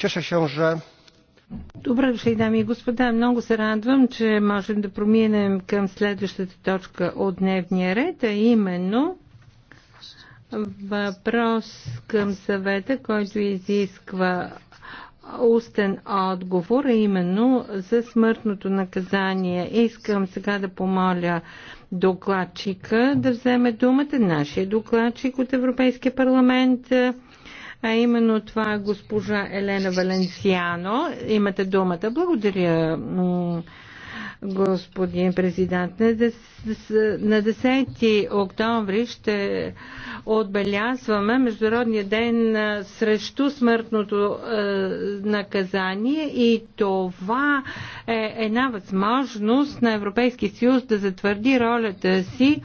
Cieszę się, że Добре дошли, дами и господа. Много се радвам, че можем да проминем към следващата точка от дневния ред, а именно въпрос към съвета, който изисква устен отговор, а именно за смъртното наказание. Искам сега да помоля докладчика да вземе думата, нашия докладчик от Европейския парламент а именно това госпожа Елена Валенсиано. Имате думата. Благодаря господин президент. На 10 октомври ще отбелязваме Международния ден срещу смъртното наказание и това е една възможност на Европейския съюз да затвърди ролята си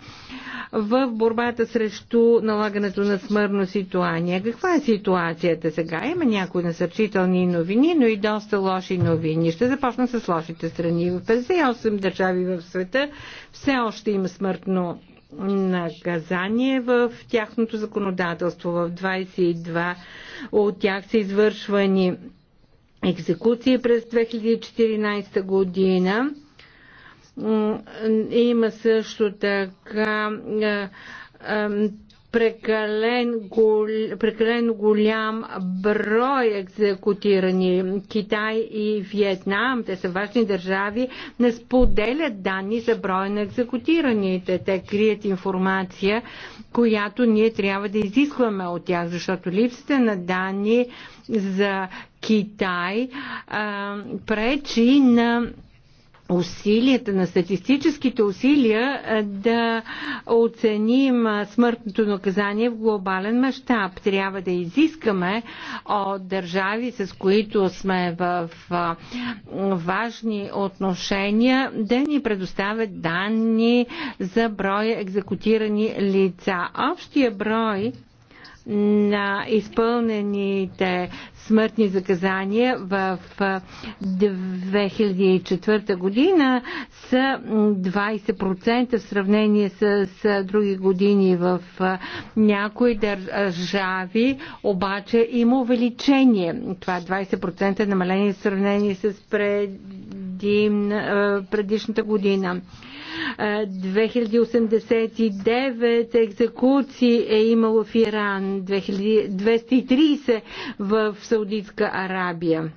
в борбата срещу налагането на смъртно ситуация. Каква е ситуацията сега? Има някои насърчителни новини, но и доста лоши новини. Ще започна с лошите страни. В 58 държави в света все още има смъртно наказание в тяхното законодателство. В 22 от тях са извършвани екзекуции през 2014 година има също така прекален, гол, прекалено голям брой екзекутирани. Китай и Виетнам, те са важни държави, не споделят данни за броя на екзекутираните. Те крият информация, която ние трябва да изискваме от тях, защото липсата на данни за Китай а, пречи на усилията, на статистическите усилия да оценим смъртното наказание в глобален мащаб. Трябва да изискаме от държави, с които сме в важни отношения, да ни предоставят данни за броя екзекутирани лица. Общия брой на изпълнените смъртни заказания в 2004 година са 20% в сравнение с други години в някои държави, обаче има увеличение. Това 20% е намаление в сравнение с преди, предишната година. 2089 екзекуции е имало в Иран, 230 в Саудитска Арабия.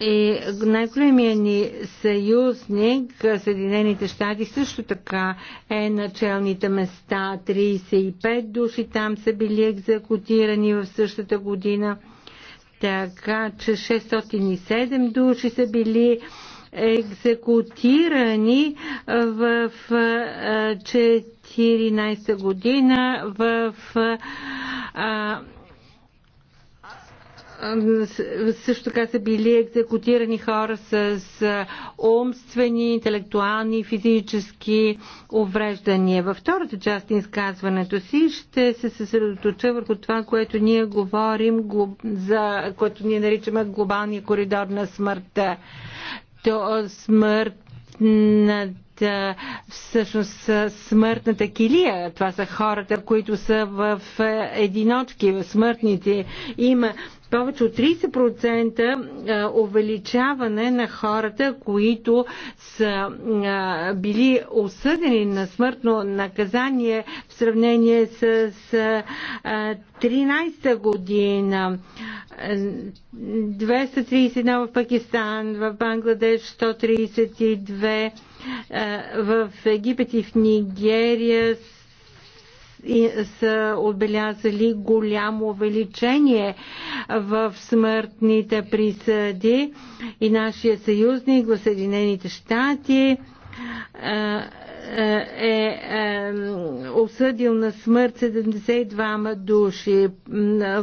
И най-големия ни съюзник, Съединените щати, също така е началните места. 35 души там са били екзекутирани в същата година. Така че 607 души са били екзекутирани в 14 година в също така са били екзекутирани хора с умствени, интелектуални, физически увреждания. Във втората част на изказването си ще се съсредоточа върху това, което ние говорим, за което ние наричаме глобалния коридор на смъртта смъртната всъщност смъртната килия. Това са хората, които са в единочки, в смъртните. Има повече от 30% увеличаване на хората, които са били осъдени на смъртно наказание в сравнение с 13-та година. 231 в Пакистан, в Бангладеш 132, в Египет и в Нигерия са отбелязали голямо увеличение в смъртните присъди и нашия съюзник в Съединените щати е осъдил на смърт 72 души.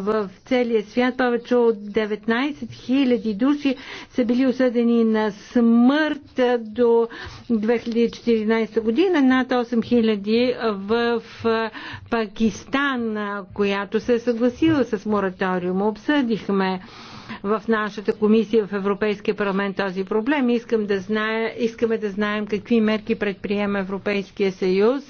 В целия свят повече от 19 000 души са били осъдени на смърт до 2014 година, над 8 000 в Пакистан, която се е съгласила с мораториума. Обсъдихме в нашата комисия в Европейския парламент този проблем. Искам да зная, искаме да знаем какви мерки предприема Европейския съюз,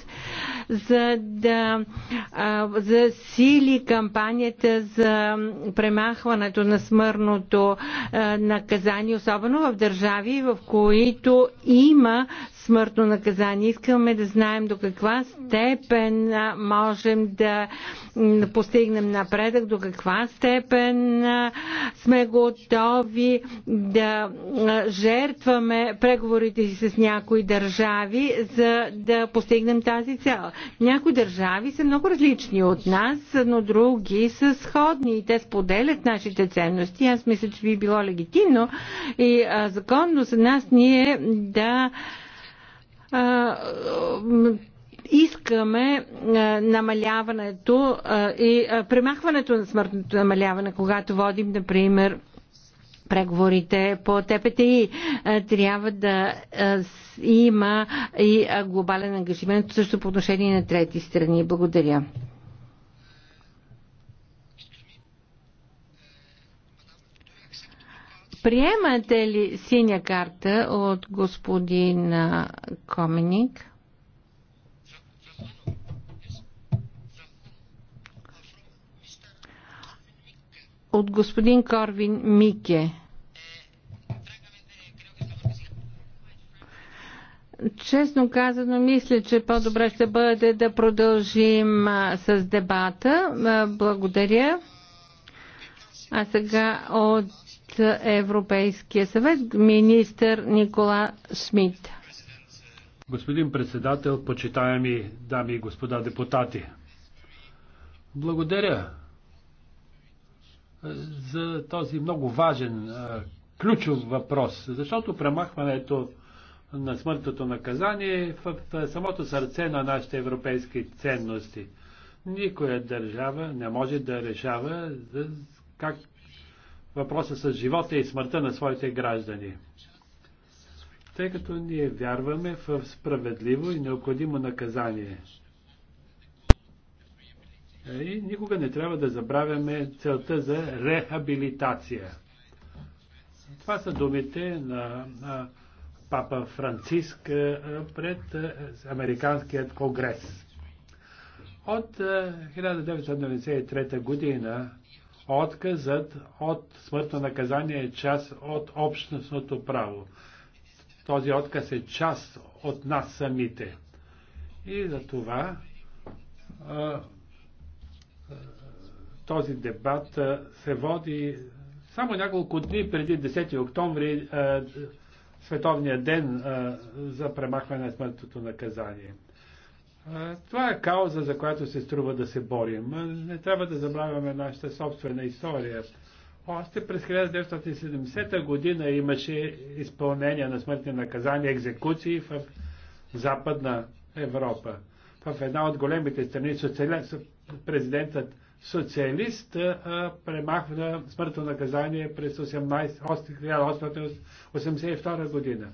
за да а, засили кампанията за премахването на смъртното а, наказание, особено в държави, в които има смъртно наказание. Искаме да знаем до каква степен можем да постигнем напредък, до каква степен сме готови да жертваме преговорите си с някои държави, за да постигнем тази цел. Някои държави са много различни от нас, но други са сходни и те споделят нашите ценности. Аз мисля, че би било легитимно и законно за нас ние да искаме намаляването и премахването на смъртното намаляване, когато водим, например, преговорите по ТПТИ. Трябва да има и глобален ангажимент също по отношение на трети страни. Благодаря. Приемате ли синя карта от господин Коменик? От господин Корвин Мике. Честно казано, мисля, че по-добре ще бъде да продължим с дебата. Благодаря. А сега от от Европейския съвет, министър Никола Шмидт. Господин председател, почитаеми дами и господа депутати, благодаря за този много важен, ключов въпрос, защото премахването на смъртното наказание е в самото сърце на нашите европейски ценности. Никоя държава не може да решава как въпроса с живота и смъртта на своите граждани. Тъй като ние вярваме в справедливо и необходимо наказание. И никога не трябва да забравяме целта за рехабилитация. Това са думите на, на папа Франциск пред Американският конгрес. От 1993 година Отказът от смъртно наказание е част от общностното право. Този отказ е част от нас самите. И за това този дебат се води само няколко дни преди 10 октомври, Световният Световния ден за премахване на смъртното наказание. Това е кауза, за която се струва да се борим. Не трябва да забравяме нашата собствена история. Още през 1970 година имаше изпълнение на смъртни наказания, екзекуции в Западна Европа. В една от големите страни президентът социалист премахна смъртно наказание през 1882 година.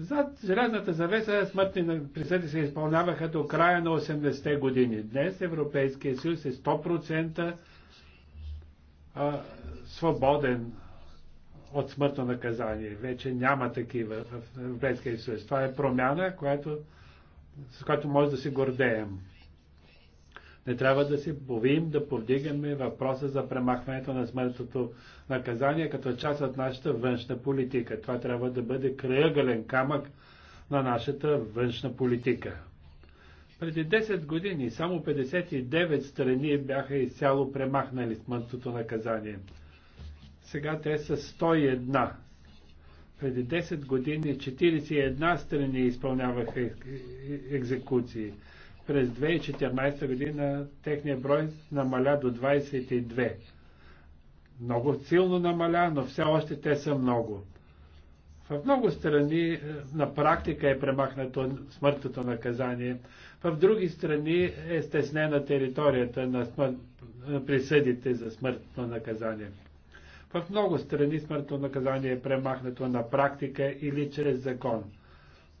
Зад Железната завеса смъртни присъди се изпълняваха до края на 80-те години. Днес Европейския съюз е 100% свободен от смъртно наказание. Вече няма такива в Европейския съюз. Това е промяна, която, с която може да се гордеем. Не трябва да си повим да повдигаме въпроса за премахването на смъртното наказание като част от нашата външна политика. Това трябва да бъде краягален камък на нашата външна политика. Преди 10 години само 59 страни бяха изцяло премахнали смъртното наказание. Сега те са 101. Преди 10 години 41 страни изпълняваха екзекуции. През 2014 година техния брой намаля до 22. Много силно намаля, но все още те са много. В много страни е, на практика е премахнато смъртното наказание. В други страни е стеснена територията на смърт, присъдите за смъртно наказание. В много страни смъртно наказание е премахнато на практика или чрез закон.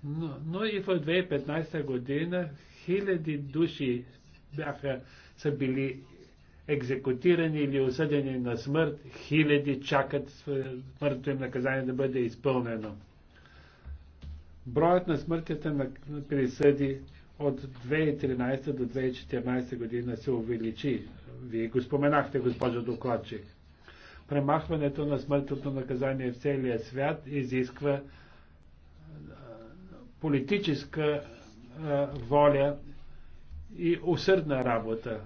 Но, но и в 2015 година хиляди души бяха, са били екзекутирани или осъдени на смърт, хиляди чакат смъртното им наказание да бъде изпълнено. Броят на смъртите на присъди от 2013 до 2014 година се увеличи. Вие го споменахте, госпожо докладчик. Премахването на смъртното наказание в целия свят изисква политическа воля и усърдна работа.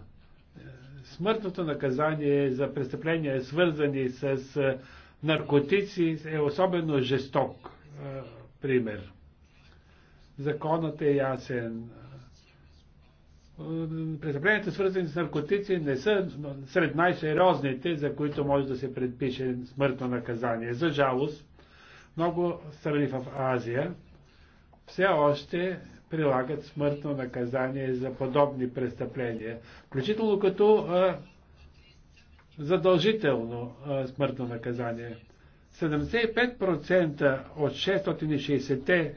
Смъртното наказание за престъпления, свързани с наркотици, е особено жесток пример. Законът е ясен. Престъпленията, свързани с наркотици, не са сред най-сериозните, за които може да се предпише смъртно наказание. За жалост, много страни в Азия все още прилагат смъртно наказание за подобни престъпления, включително като а, задължително а, смъртно наказание. 75% от 660-те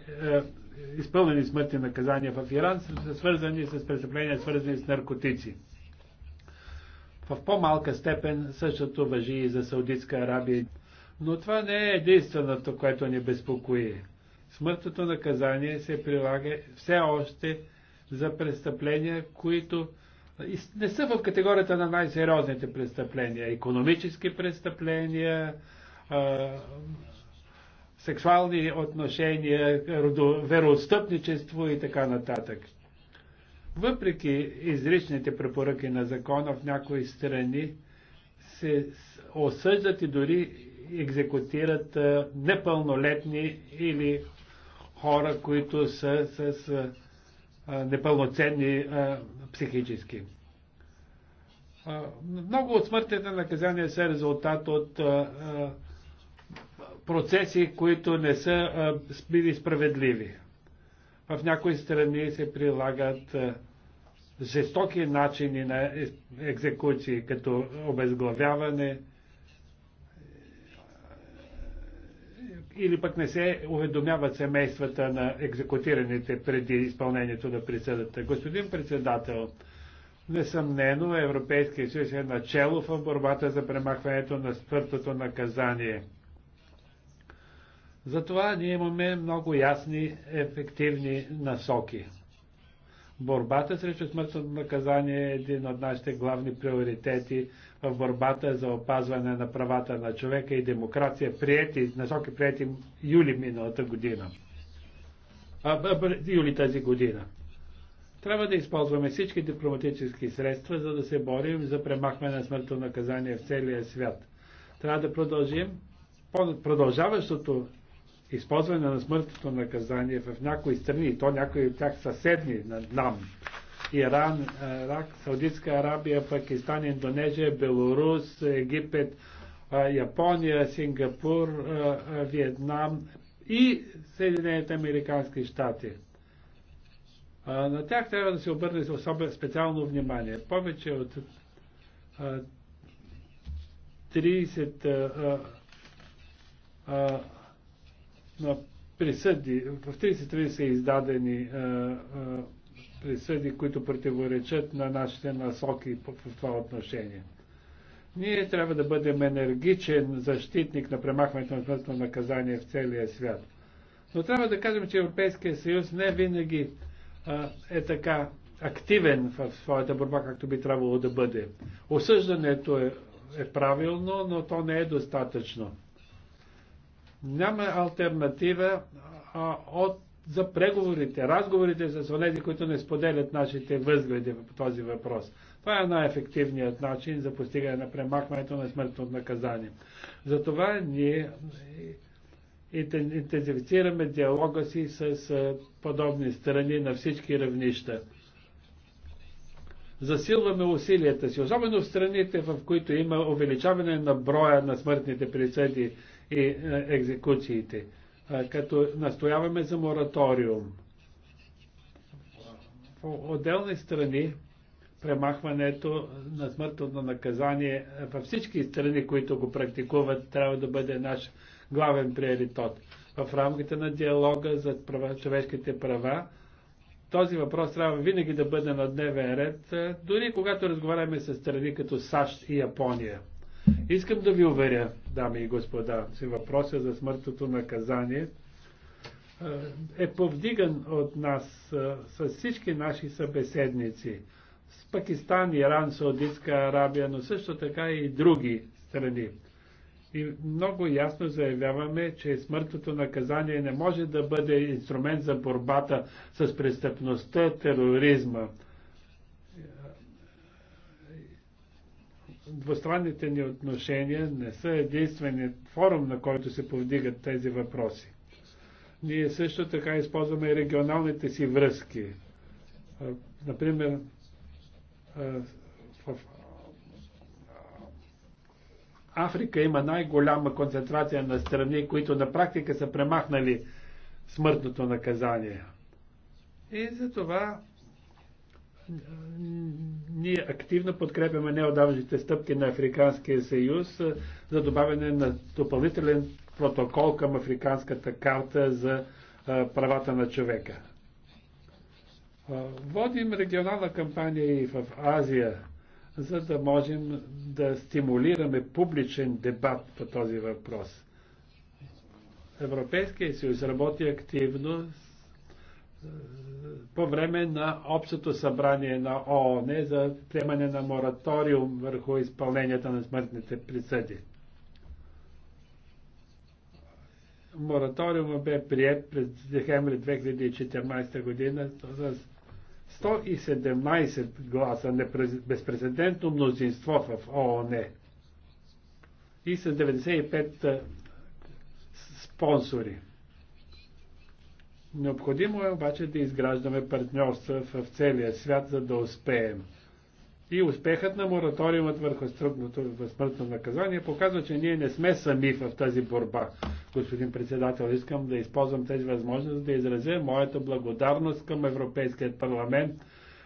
изпълнени смъртни наказания в Иран са свързани с престъпления, свързани с наркотици. В по-малка степен същото въжи и за Саудитска Арабия. Но това не е единственото, което ни безпокои. Смъртното наказание се прилага все още за престъпления, които не са в категорията на най-сериозните престъпления. Економически престъпления, сексуални отношения, вероотстъпничество и така нататък. Въпреки изричните препоръки на закона в някои страни се осъждат и дори екзекутират непълнолетни или хора, които са с непълноценни психически. Много от смъртните наказания са резултат от процеси, които не са били справедливи. В някои страни се прилагат жестоки начини на екзекуции, като обезглавяване, или пък не се уведомяват семействата на екзекутираните преди изпълнението на присъдата. Господин председател, несъмнено Европейския съюз е начало в борбата за премахването на смъртното наказание. Затова ние имаме много ясни, ефективни насоки. Борбата срещу смъртното наказание е един от нашите главни приоритети – в борбата за опазване на правата на човека и демокрация, прияти, насоки прияти юли миналата година. А, юли тази година. Трябва да използваме всички дипломатически средства, за да се борим за премахване на смъртно наказание в целия свят. Трябва да продължим продължаващото използване на смъртното наказание в някои страни, и то някои от тях съседни на нам, Иран, Ирак, Саудитска Арабия, Пакистан, Индонезия, Белорус, Египет, Япония, Сингапур, Виетнам и Съединените Американски щати. На тях трябва да се обърне особено специално внимание. Повече от 30 присъди, в 30 са издадени а, а, присъди, които противоречат на нашите насоки в това отношение. Ние трябва да бъдем енергичен защитник на премахването на смъртно наказание в целия свят. Но трябва да кажем, че Европейския съюз не винаги а, е така активен в своята борба, както би трябвало да бъде. Осъждането е, е правилно, но то не е достатъчно. Няма альтернатива а, от за преговорите, разговорите с онези, които не споделят нашите възгледи по този въпрос. Това е най-ефективният начин за постигане на премахването на смъртното наказание. Затова ние интензифицираме диалога си с подобни страни на всички равнища. Засилваме усилията си, особено в страните, в които има увеличаване на броя на смъртните присъди и екзекуциите като настояваме за мораториум. По отделни страни премахването на смъртното наказание във всички страни, които го практикуват, трябва да бъде наш главен приоритет. В рамките на диалога за права, човешките права, този въпрос трябва винаги да бъде на дневен ред, дори когато разговаряме с страни като САЩ и Япония. Искам да ви уверя, дами и господа, че въпроса за смъртното наказание е повдиган от нас с всички наши събеседници. С Пакистан, Иран, Саудитска Арабия, но също така и други страни. И много ясно заявяваме, че смъртното наказание не може да бъде инструмент за борбата с престъпността, тероризма. двустранните ни отношения не са единственият форум, на който се повдигат тези въпроси. Ние също така използваме и регионалните си връзки. Например, в Африка има най-голяма концентрация на страни, които на практика са премахнали смъртното наказание. И за това ние активно подкрепяме неодавните стъпки на Африканския съюз за добавяне на допълнителен протокол към Африканската карта за правата на човека. Водим регионална кампания и в Азия, за да можем да стимулираме публичен дебат по този въпрос. Европейския съюз работи активно по време на Общото събрание на ООН за приемане на мораториум върху изпълненията на смъртните присъди. Мораториума бе прият през декември 2014 година с 117 гласа безпредседентно мнозинство в ООН и с 95 спонсори. Необходимо е обаче да изграждаме партньорства в целия свят, за да успеем. И успехът на мораториумът върху стръпното смъртно наказание показва, че ние не сме сами в тази борба. Господин председател, искам да използвам тези възможности да изразя моята благодарност към Европейският парламент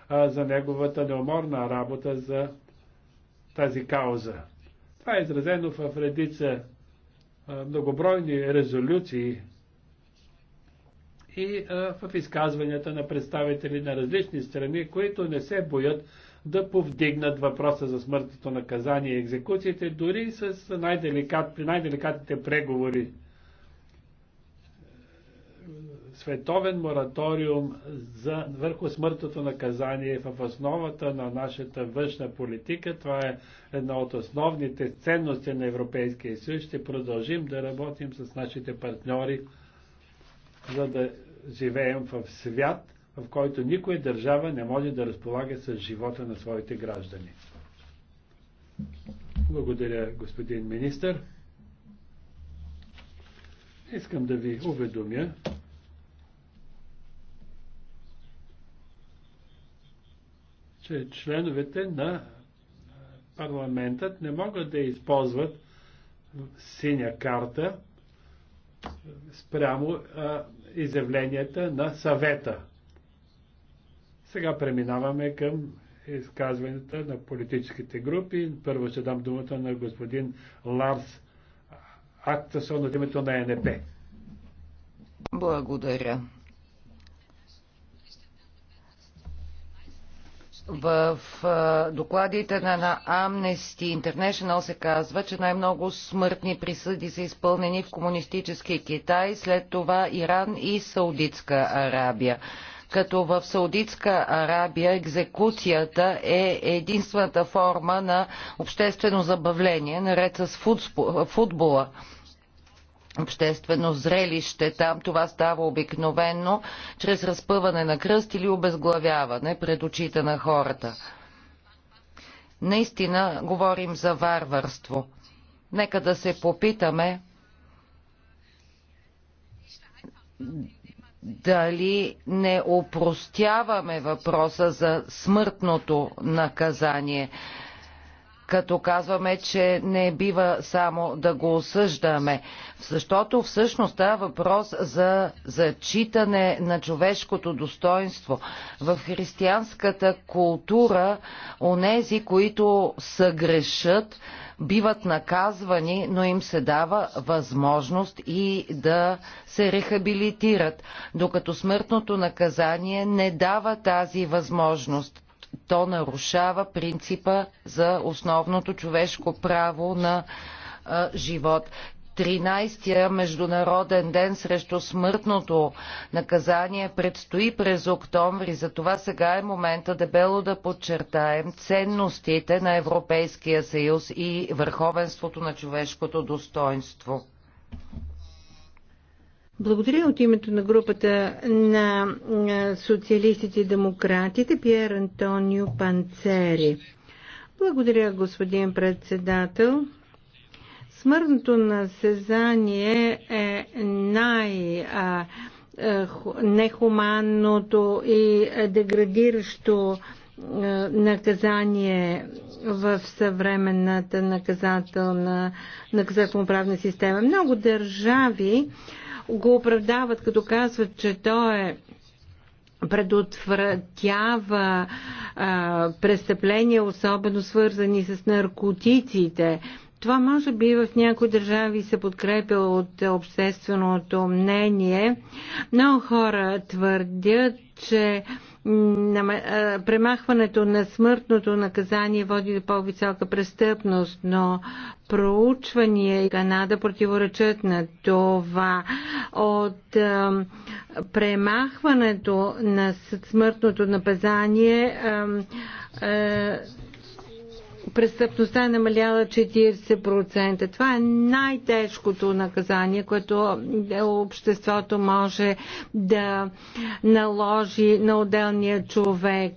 а, за неговата неуморна работа за тази кауза. Това е изразено в редица а, многобройни резолюции и в изказванията на представители на различни страни, които не се боят да повдигнат въпроса за смъртното наказание и екзекуциите, дори с най-деликат, при най-деликатните преговори. Световен мораториум за, върху смъртното наказание е в основата на нашата външна политика. Това е една от основните ценности на Европейския съюз. Ще продължим да работим с нашите партньори за да живеем в свят, в който никоя държава не може да разполага с живота на своите граждани. Благодаря, господин министър. Искам да ви уведомя, че членовете на парламентът не могат да използват синя карта спрямо а, изявленията на съвета. Сега преминаваме към изказванията на политическите групи. Първо ще дам думата на господин Ларс Актасон от името на ЕНП. Благодаря. В докладите на, на Amnesty International се казва, че най-много смъртни присъди са изпълнени в комунистически Китай, след това Иран и Саудитска Арабия като в Саудитска Арабия екзекуцията е единствената форма на обществено забавление, наред с футбола обществено зрелище. Там това става обикновено чрез разпъване на кръст или обезглавяване пред очите на хората. Наистина говорим за варварство. Нека да се попитаме дали не опростяваме въпроса за смъртното наказание като казваме, че не бива само да го осъждаме. Защото всъщност става въпрос за зачитане на човешкото достоинство. В християнската култура онези, които грешат, биват наказвани, но им се дава възможност и да се рехабилитират, докато смъртното наказание не дава тази възможност. То нарушава принципа за основното човешко право на а, живот. 13-я Международен ден срещу смъртното наказание предстои през октомври. Затова сега е момента дебело да подчертаем ценностите на Европейския съюз и върховенството на човешкото достоинство. Благодаря от името на групата на социалистите и демократите Пьер Антонио Панцери. Благодаря, господин председател. Смъртното насезание е най- нехуманното и деградиращо наказание в съвременната наказателна, наказателно-правна система. Много държави го оправдават, като казват, че то е предотвратява а, престъпления, особено свързани с наркотиците. Това може би в някои държави се подкрепя от общественото мнение. Много хора твърдят, че премахването на смъртното наказание води до по-висока престъпност, но проучвания и Канада противоречат на това. От премахването на смъртното наказание е, е, престъпността е намаляла 40%. Това е най-тежкото наказание, което обществото може да наложи на отделния човек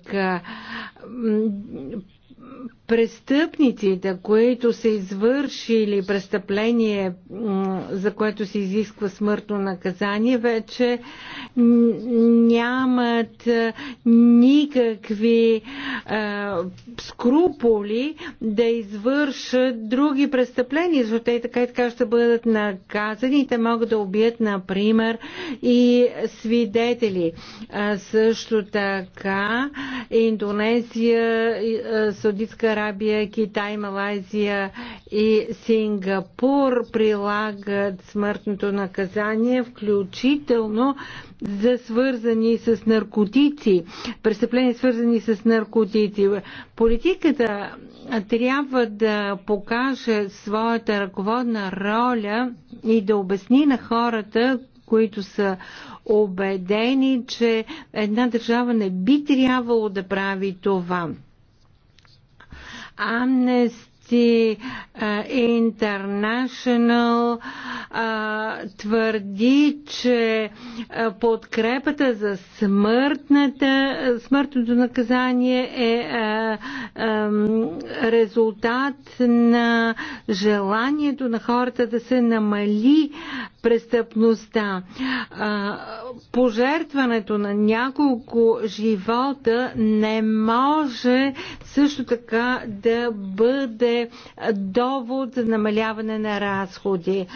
престъпниците, които са извършили престъпление, за което се изисква смъртно наказание, вече нямат никакви е, скруполи да извършат други престъпления, защото те така и така ще бъдат наказани. и Те могат да убият, например, и свидетели. също така Индонезия, Саудитска Арабия, Китай, Малайзия и Сингапур прилагат смъртното наказание, включително за свързани с наркотици, престъпления свързани с наркотици. Политиката трябва да покаже своята ръководна роля и да обясни на хората, които са убедени, че една държава не би трябвало да прави това. Amnesty International твърди, че подкрепата за смъртната, смъртното наказание е резултат на желанието на хората да се намали престъпността. Пожертването на няколко живота не може също така да бъде довод за намаляване на разходи.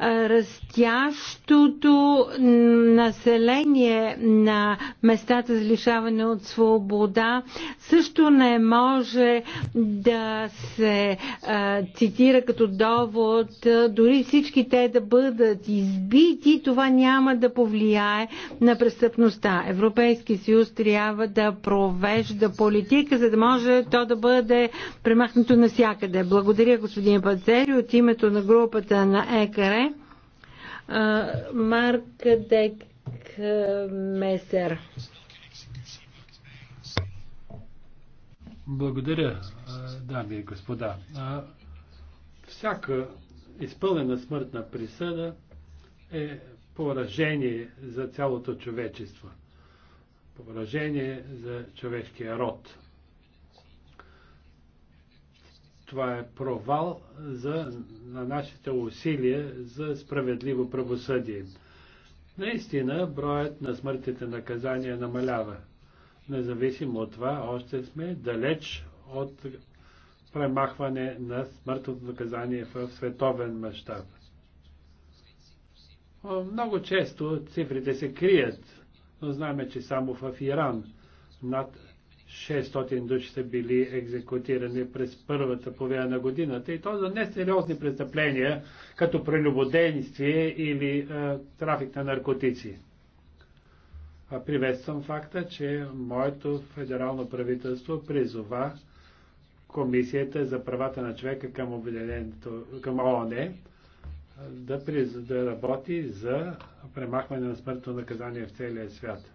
Растящото население на местата за лишаване от свобода също не може да се цитира като довод, дори всички те да бъдат избити, това няма да повлияе на престъпността. Европейски съюз трябва да провежда политика, за да може то да бъде премахнато навсякъде. Благодаря, господин Пацери, от името на групата на ЕКР. Марк Дек Месер. Благодаря, дами и господа. Всяка изпълнена смъртна присъда е поражение за цялото човечество. Поражение за човешкия род. Това е провал за, на нашите усилия за справедливо правосъдие. Наистина, броят на смъртите наказания намалява. Независимо от това, още сме далеч от премахване на смъртното наказание в световен мащаб. Много често цифрите се крият, но знаем, че само в Иран над 600 души са били екзекутирани през първата половина на годината и то за несериозни престъпления, като прелюбодействие или е, трафик на наркотици. А приветствам факта, че моето федерално правителство призова Комисията за правата на човека към, към ООН да, при, да работи за премахване на смъртно наказание в целия свят.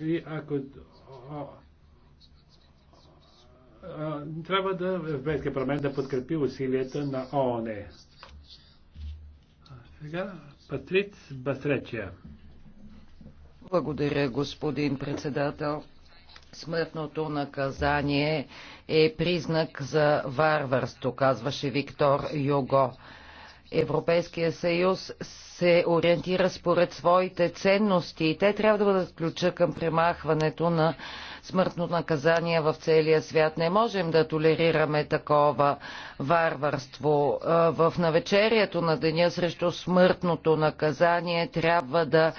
И ако трябва да Европейския парламент да подкрепи усилията на ООН. Сега Патриц Басречия. Благодаря, господин председател. Смъртното наказание е признак за варварство, казваше Виктор Юго. Европейския съюз се ориентира според своите ценности и те трябва да бъдат ключа към премахването на смъртно наказание в целия свят. Не можем да толерираме такова варварство. Е, в навечерието на деня срещу смъртното наказание трябва да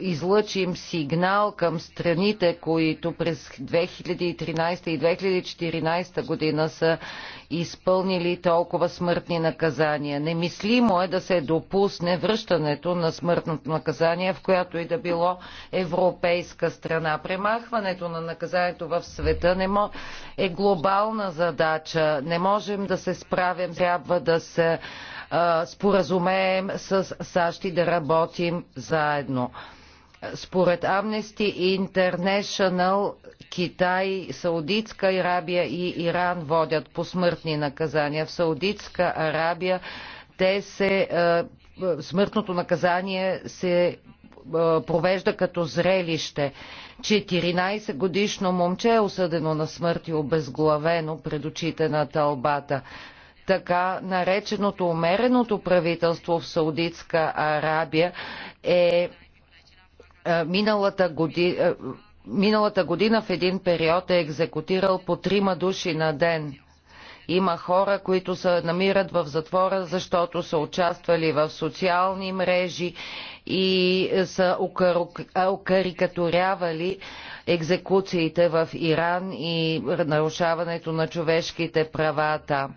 излъчим сигнал към страните, които през 2013 и 2014 година са изпълнили толкова смъртни наказания. Немислимо е да се допусне връщането на смъртното наказание в която и да било европейска страна. Премахването на наказанието наказанието в света не е глобална задача. Не можем да се справим. Трябва да се а, споразумеем с САЩ и да работим заедно. Според Amnesty International, Китай, Саудитска Арабия и Иран водят посмъртни наказания. В Саудитска Арабия те се, смъртното наказание се провежда като зрелище. 14 годишно момче е осъдено на смърт и обезглавено пред очите на тълбата така нареченото умереното правителство в Саудитска Арабия е, е миналата година, е, миналата година в един период е екзекутирал по трима души на ден. Има хора, които се намират в затвора, защото са участвали в социални мрежи и са окарикатурявали екзекуциите в Иран и нарушаването на човешките права там.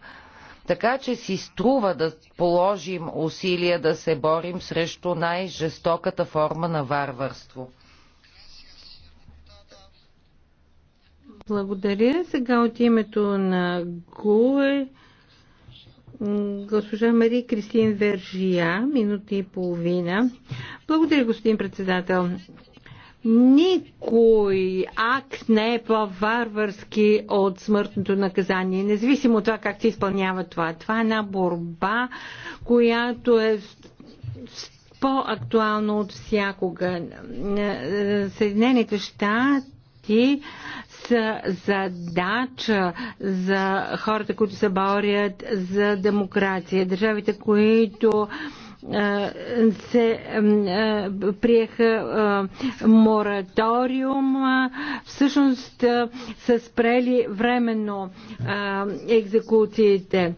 Така че си струва да положим усилия да се борим срещу най-жестоката форма на варварство. Благодаря. Сега от името на ГУЕ госпожа Мари Кристин Вержия, минута и половина. Благодаря, господин председател. Никой акт не е по-варварски от смъртното наказание, независимо от това как се изпълнява това. Това е една борба, която е по-актуална от всякога. Съединените щати задача за хората, които се борят за демокрация. Държавите, които се приеха мораториум, всъщност са спрели временно екзекуциите.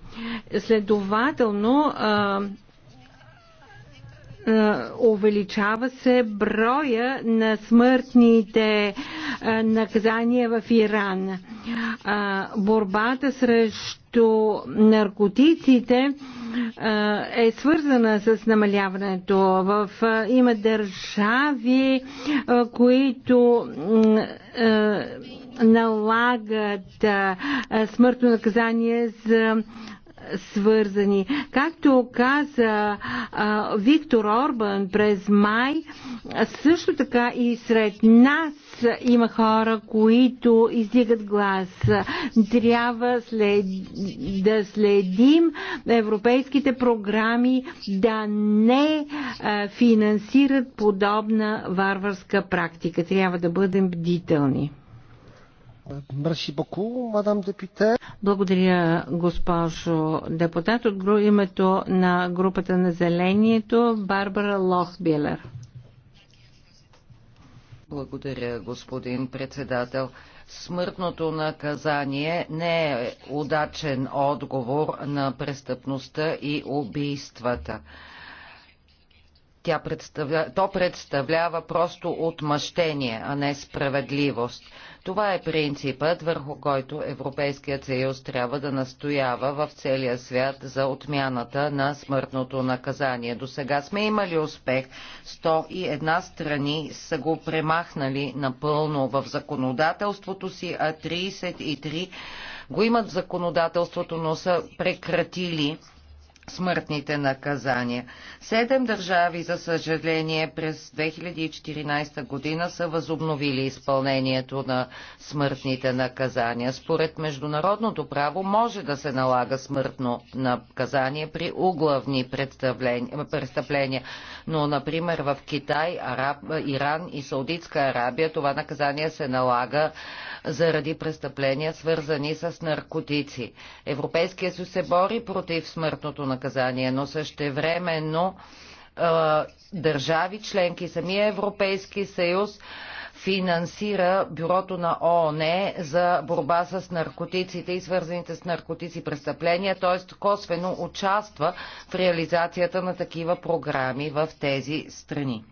Следователно, е, увеличава се броя на смъртните е, наказания в Иран. Е, борбата срещу наркотиците е свързана с намаляването. В, има държави, които налагат смъртно наказание за свързани. Както каза а, Виктор Орбан през май, също така и сред нас има хора, които издигат глас. Трябва след, да следим европейските програми да не а, финансират подобна варварска практика. Трябва да бъдем бдителни. Благодаря, госпожо депутат. От името на групата на Зелението, Барбара Лохбилер. Благодаря, господин председател. Смъртното наказание не е удачен отговор на престъпността и убийствата. Тя представля... То представлява просто отмъщение, а не справедливост. Това е принципът, върху който Европейският съюз трябва да настоява в целия свят за отмяната на смъртното наказание. До сега сме имали успех. 101 страни са го премахнали напълно в законодателството си, а 33 го имат в законодателството, но са прекратили смъртните наказания. Седем държави, за съжаление, през 2014 година са възобновили изпълнението на смъртните наказания. Според международното право може да се налага смъртно наказание при углавни престъпления, но, например, в Китай, Араб, Иран и Саудитска Арабия това наказание се налага заради престъпления, свързани с наркотици. Европейския съюз се бори против смъртното наказание наказание, но същевременно държави членки, самия Европейски съюз финансира бюрото на ООН за борба с наркотиците и свързаните с наркотици престъпления, т.е. косвено участва в реализацията на такива програми в тези страни.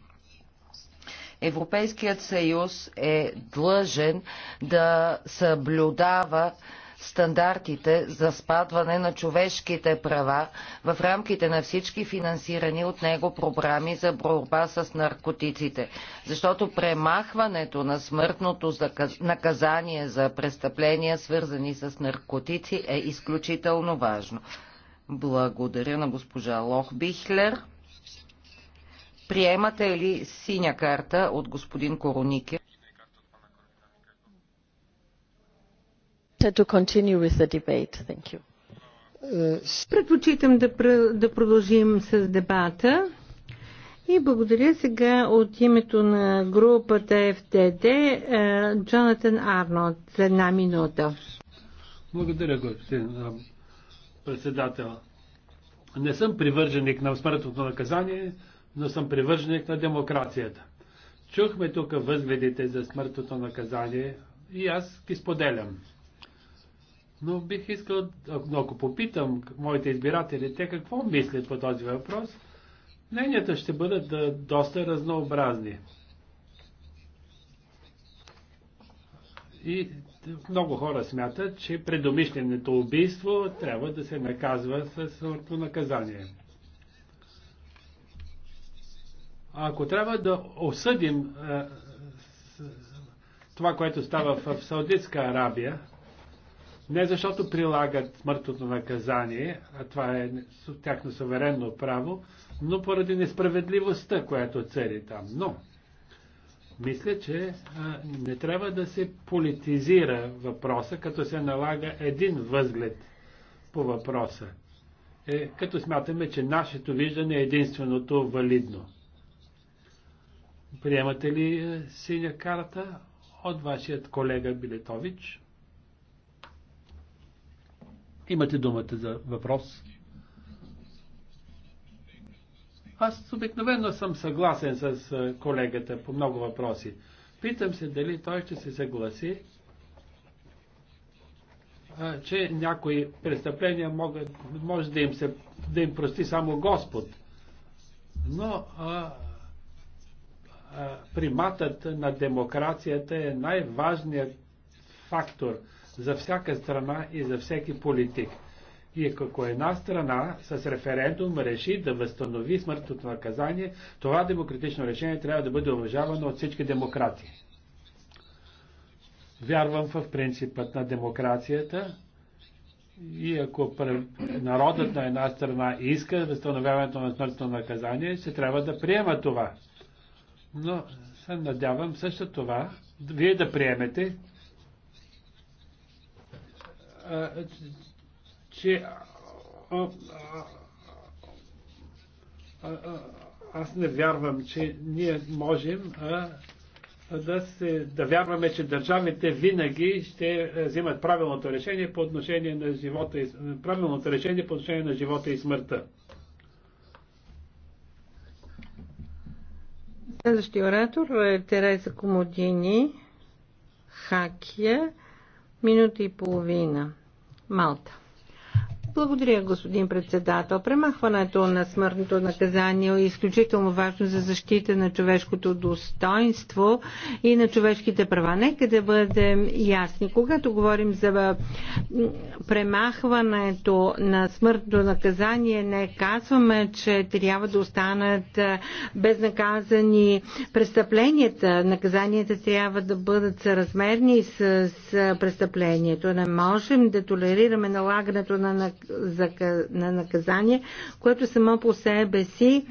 Европейският съюз е длъжен да съблюдава стандартите за спадване на човешките права в рамките на всички финансирани от него програми за борба с наркотиците. Защото премахването на смъртното наказание за престъпления, свързани с наркотици, е изключително важно. Благодаря на госпожа Лохбихлер. Приемате ли синя карта от господин Короникер? Uh, Предпочитам да, продължим с дебата. И благодаря сега от името на групата FTD е, Джонатан Арнолд за една минута. Благодаря, господин е, председател. Не съм привърженик на смъртното наказание, но съм привърженик на демокрацията. Чухме тук възгледите за смъртното наказание и аз ги споделям. Но бих искал, ако попитам моите избиратели, те какво мислят по този въпрос, мненията ще бъдат доста разнообразни. И много хора смятат, че предомишленето убийство трябва да се наказва с смъртно наказание. Ако трябва да осъдим а, с, това, което става в Саудитска Арабия, не защото прилагат смъртното наказание, а това е тяхно суверенно право, но поради несправедливостта, която цели там. Но, мисля, че а, не трябва да се политизира въпроса, като се налага един възглед по въпроса. Е, като смятаме, че нашето виждане е единственото валидно. Приемате ли е, синя карта от вашият колега Билетович? Имате думата за въпрос. Аз обикновено съм съгласен с колегата по много въпроси. Питам се дали той ще се съгласи, че някои престъпления могат, може да им, се, да им прости само Господ. Но а, а, приматът на демокрацията е най-важният фактор – за всяка страна и за всеки политик. И ако една страна с референдум реши да възстанови смъртното наказание, това демократично решение трябва да бъде уважавано от всички демократи. Вярвам в принципът на демокрацията и ако народът на една страна иска възстановяването на смъртното наказание, ще трябва да приема това. Но се надявам също това, вие да приемете че аз не вярвам, че ние можем а, да, се, да вярваме, че държавите винаги ще взимат правилното решение по отношение на живота и, правилното решение по отношение на живота и смъртта. Следващия оратор е Тереза Комодини, Хакия, минута и половина. Малта. Благодаря, господин председател. Премахването на смъртното наказание е изключително важно за защита на човешкото достоинство и на човешките права. Нека да бъдем ясни. Когато говорим за премахването на смъртното наказание, не казваме, че трябва да останат безнаказани престъпленията. Наказанията трябва да бъдат съразмерни с престъплението. Не можем да толерираме налагането на на наказание, което само по себе си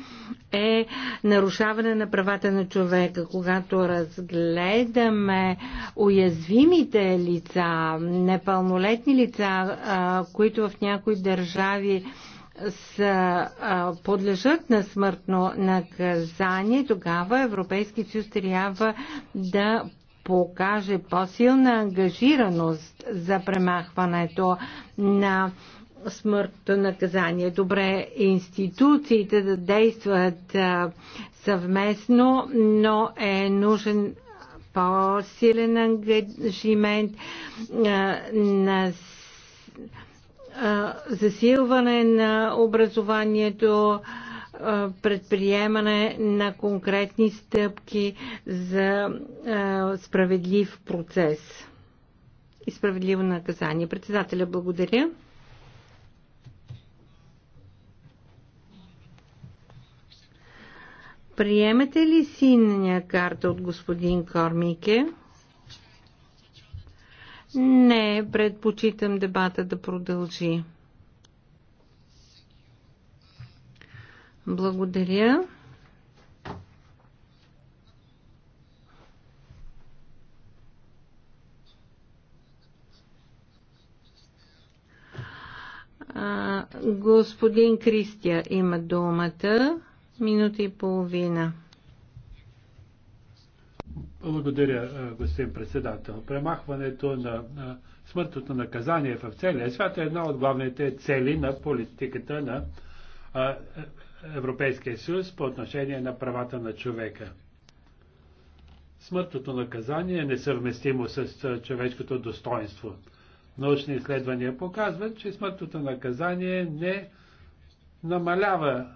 е нарушаване на правата на човека. Когато разгледаме уязвимите лица, непълнолетни лица, които в някои държави са, подлежат на смъртно наказание, тогава Европейският съюз трябва да покаже по-силна ангажираност за премахването на смъртта, наказание. Добре, институциите да действат съвместно, но е нужен по-силен ангажимент на засилване на образованието, предприемане на конкретни стъпки за справедлив процес и справедливо наказание. Председателя, благодаря. Приемете ли синя карта от господин Кормике? Не, предпочитам дебата да продължи. Благодаря. господин Кристия има думата минута и половина. Благодаря, господин председател. Премахването на смъртното наказание в целия свят е една от главните цели на политиката на Европейския съюз по отношение на правата на човека. Смъртното наказание е несъвместимо с човешкото достоинство. Научни изследвания показват, че смъртното наказание не намалява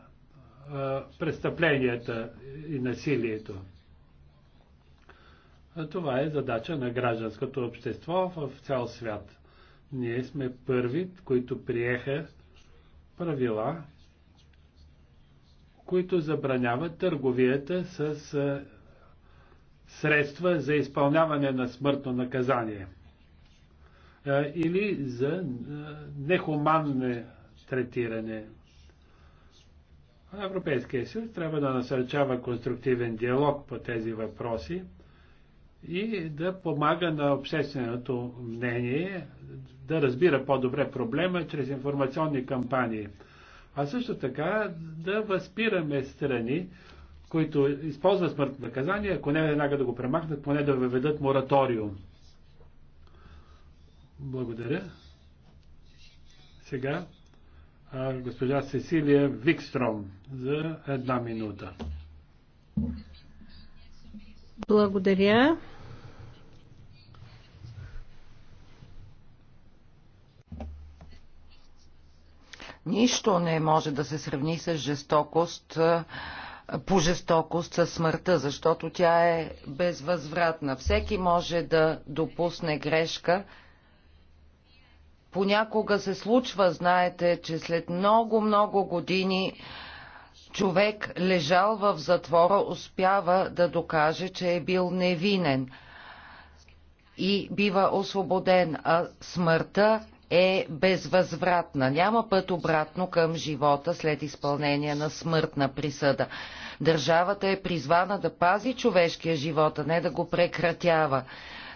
престъпленията и насилието. А това е задача на гражданското общество в цял свят. Ние сме първи, които приеха правила, които забраняват търговията с средства за изпълняване на смъртно наказание или за нехуманно третиране Европейския съюз трябва да насърчава конструктивен диалог по тези въпроси и да помага на общественото мнение да разбира по-добре проблема чрез информационни кампании. А също така да възпираме страни, които използват смъртно наказание, ако не веднага да го премахнат, поне да въведат мораториум. Благодаря. Сега госпожа Сесилия Викстром за една минута. Благодаря. Нищо не може да се сравни с жестокост, по жестокост със смъртта, защото тя е безвъзвратна. Всеки може да допусне грешка, понякога се случва, знаете, че след много-много години човек лежал в затвора успява да докаже, че е бил невинен и бива освободен, а смъртта е безвъзвратна. Няма път обратно към живота след изпълнение на смъртна присъда. Държавата е призвана да пази човешкия живот, а не да го прекратява.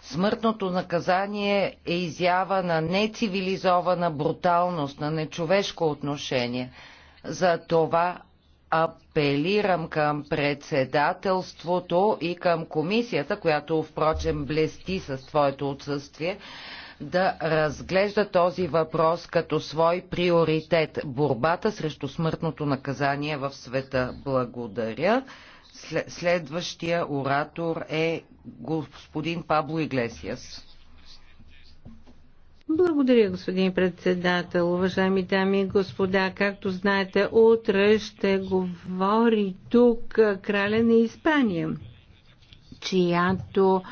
Смъртното наказание е изява на нецивилизована бруталност, на нечовешко отношение. За това апелирам към председателството и към комисията, която впрочем блести със своето отсъствие, да разглежда този въпрос като свой приоритет – борбата срещу смъртното наказание в света. Благодаря. Следващия оратор е господин Пабло Иглесиас. Благодаря, господин председател. Уважаеми дами и господа, както знаете, утре ще говори тук краля на Испания чиято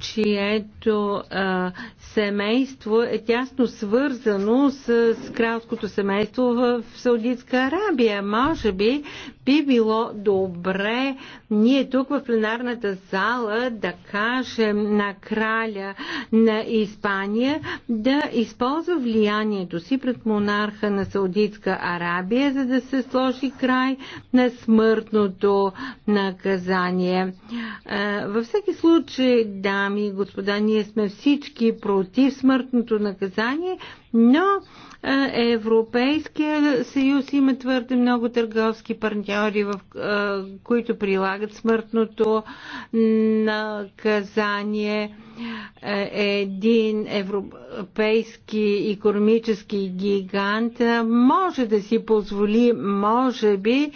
чието а, семейство е тясно свързано с, с кралското семейство в Саудитска Арабия. Може би би било добре ние тук в пленарната зала да кажем на краля на Испания да използва влиянието си пред монарха на Саудитска Арабия, за да се сложи край на смъртното наказание. А, във всеки случай, да дами и господа, ние сме всички против смъртното наказание, но Европейския съюз има твърде много търговски партньори, в които прилагат смъртното наказание. Е, един европейски економически гигант може да си позволи, може би,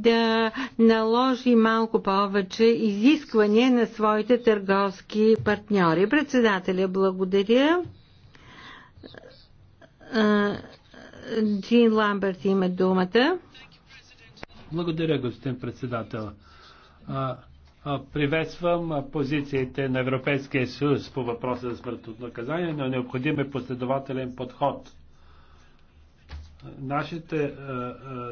да наложи малко повече изисквания на своите търговски партньори. Председателя, благодаря. Джин Ламберт има думата. Благодаря, господин председател. Приветствам позициите на Европейския съюз по въпроса за смъртното наказание, но необходим е последователен подход нашите е, е,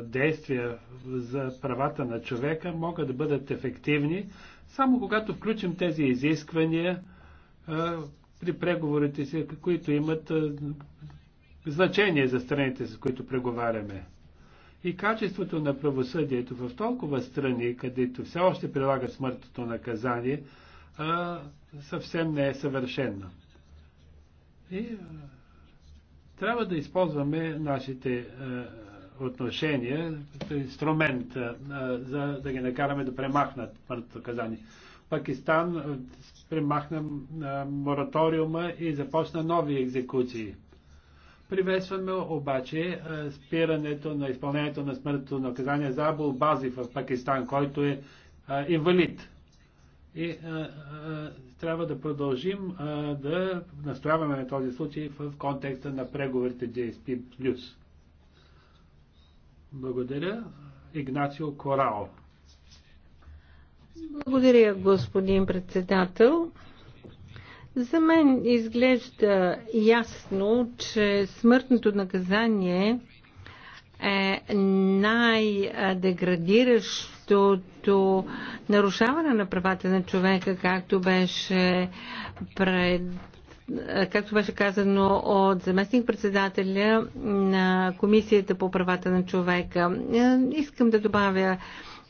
действия за правата на човека могат да бъдат ефективни само когато включим тези изисквания е, при преговорите си, които имат значение за страните, с които преговаряме. И качеството на правосъдието в толкова страни, където все още прилага смъртното наказание, съвсем не е съвършено. И трябва да използваме нашите е, отношения, е, инструмент, е, за да ги накараме да премахнат смъртното наказание. Пакистан премахна мораториума и започна нови екзекуции. Приветстваме обаче спирането на изпълнението на смъртното наказание за Абул Бази в Пакистан, който е инвалид. И трябва да продължим а, да настояваме на този случай в контекста на преговорите GSP+. Благодаря. Игнацио Корао. Благодаря, господин председател. За мен изглежда ясно, че смъртното наказание е най-деградиращо същото нарушаване на правата на човека, както беше пред както беше казано от заместник-председателя на Комисията по правата на човека. Е, искам да добавя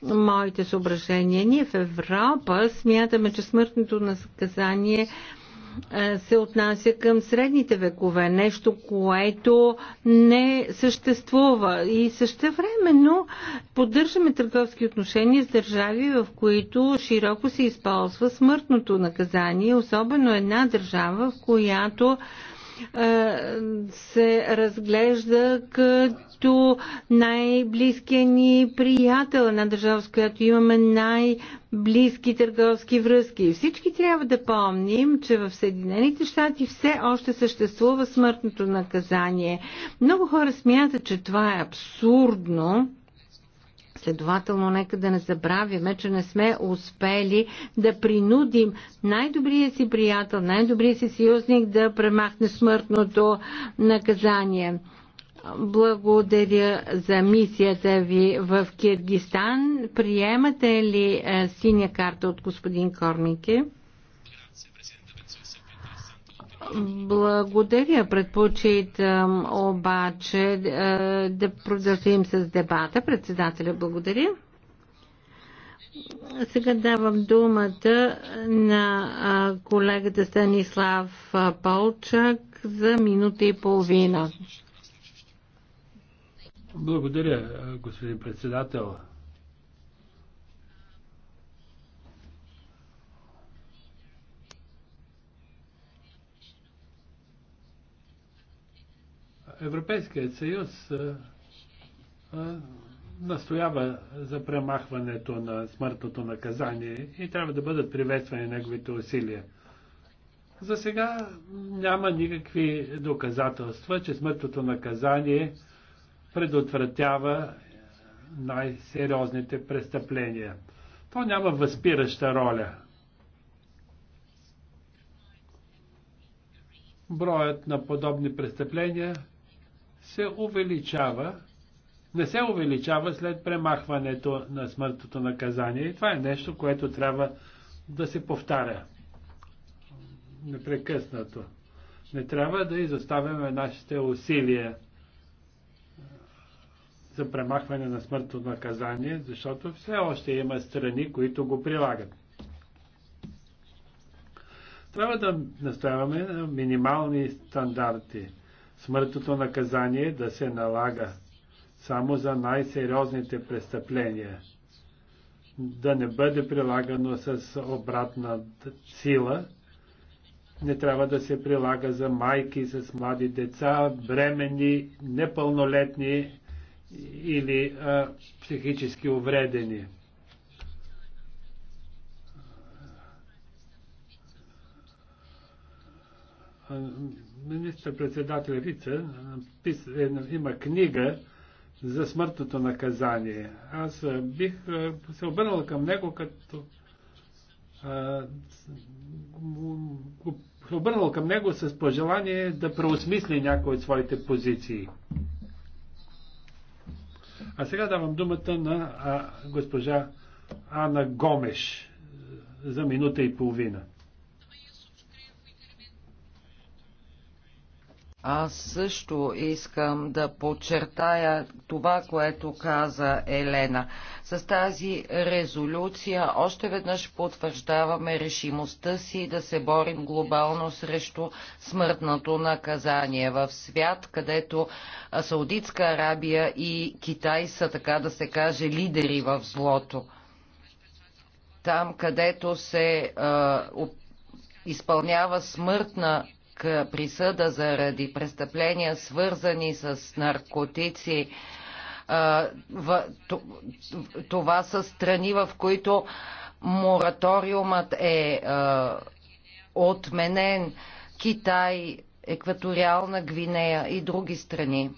моите съображения. Ние в Европа смятаме, че смъртното наказание е, се отнася към средните векове, нещо, което не съществува. И също времено поддържаме търговски отношения с държави, в които широко се използва смъртното наказание, особено една държава, в която се разглежда като най-близкия ни приятел, на държава, с която имаме най-близки търговски връзки. Всички трябва да помним, че в Съединените щати все още съществува смъртното наказание. Много хора смятат, че това е абсурдно Следователно, нека да не забравяме, че не сме успели да принудим най-добрия си приятел, най-добрия си съюзник да премахне смъртното наказание. Благодаря за мисията ви в Киргистан. Приемате ли е, синя карта от господин Корнике? Благодаря. Предпочитам обаче е, да продължим с дебата. Председателя, благодаря. Сега давам думата на колегата Станислав Полчак за минута и половина. Благодаря, господин председател. Европейският съюз настоява за премахването на смъртното наказание и трябва да бъдат приветствани неговите усилия. За сега няма никакви доказателства, че смъртното наказание предотвратява най-сериозните престъпления. То няма възпираща роля. Броят на подобни престъпления се увеличава, не се увеличава след премахването на смъртното наказание. И това е нещо, което трябва да се повтаря непрекъснато. Не трябва да изоставяме нашите усилия за премахване на смъртното наказание, защото все още има страни, които го прилагат. Трябва да настояваме на минимални стандарти смъртното наказание да се налага само за най-сериозните престъпления, да не бъде прилагано с обратна сила, не трябва да се прилага за майки с млади деца, бремени, непълнолетни или а, психически увредени. А, министър председател Вица е, има книга за смъртното наказание. Аз бих се обърнал към него като се обърнал към него с пожелание да преосмисли някои от своите позиции. А сега давам думата на госпожа Ана Гомеш за минута и половина. Аз също искам да подчертая това, което каза Елена. С тази резолюция още веднъж потвърждаваме решимостта си да се борим глобално срещу смъртното наказание в свят, където Саудитска Арабия и Китай са, така да се каже, лидери в злото. Там, където се е, изпълнява смъртна присъда заради престъпления, свързани с наркотици, това са страни, в които мораториумът е отменен. Китай, Екваториална Гвинея и други страни.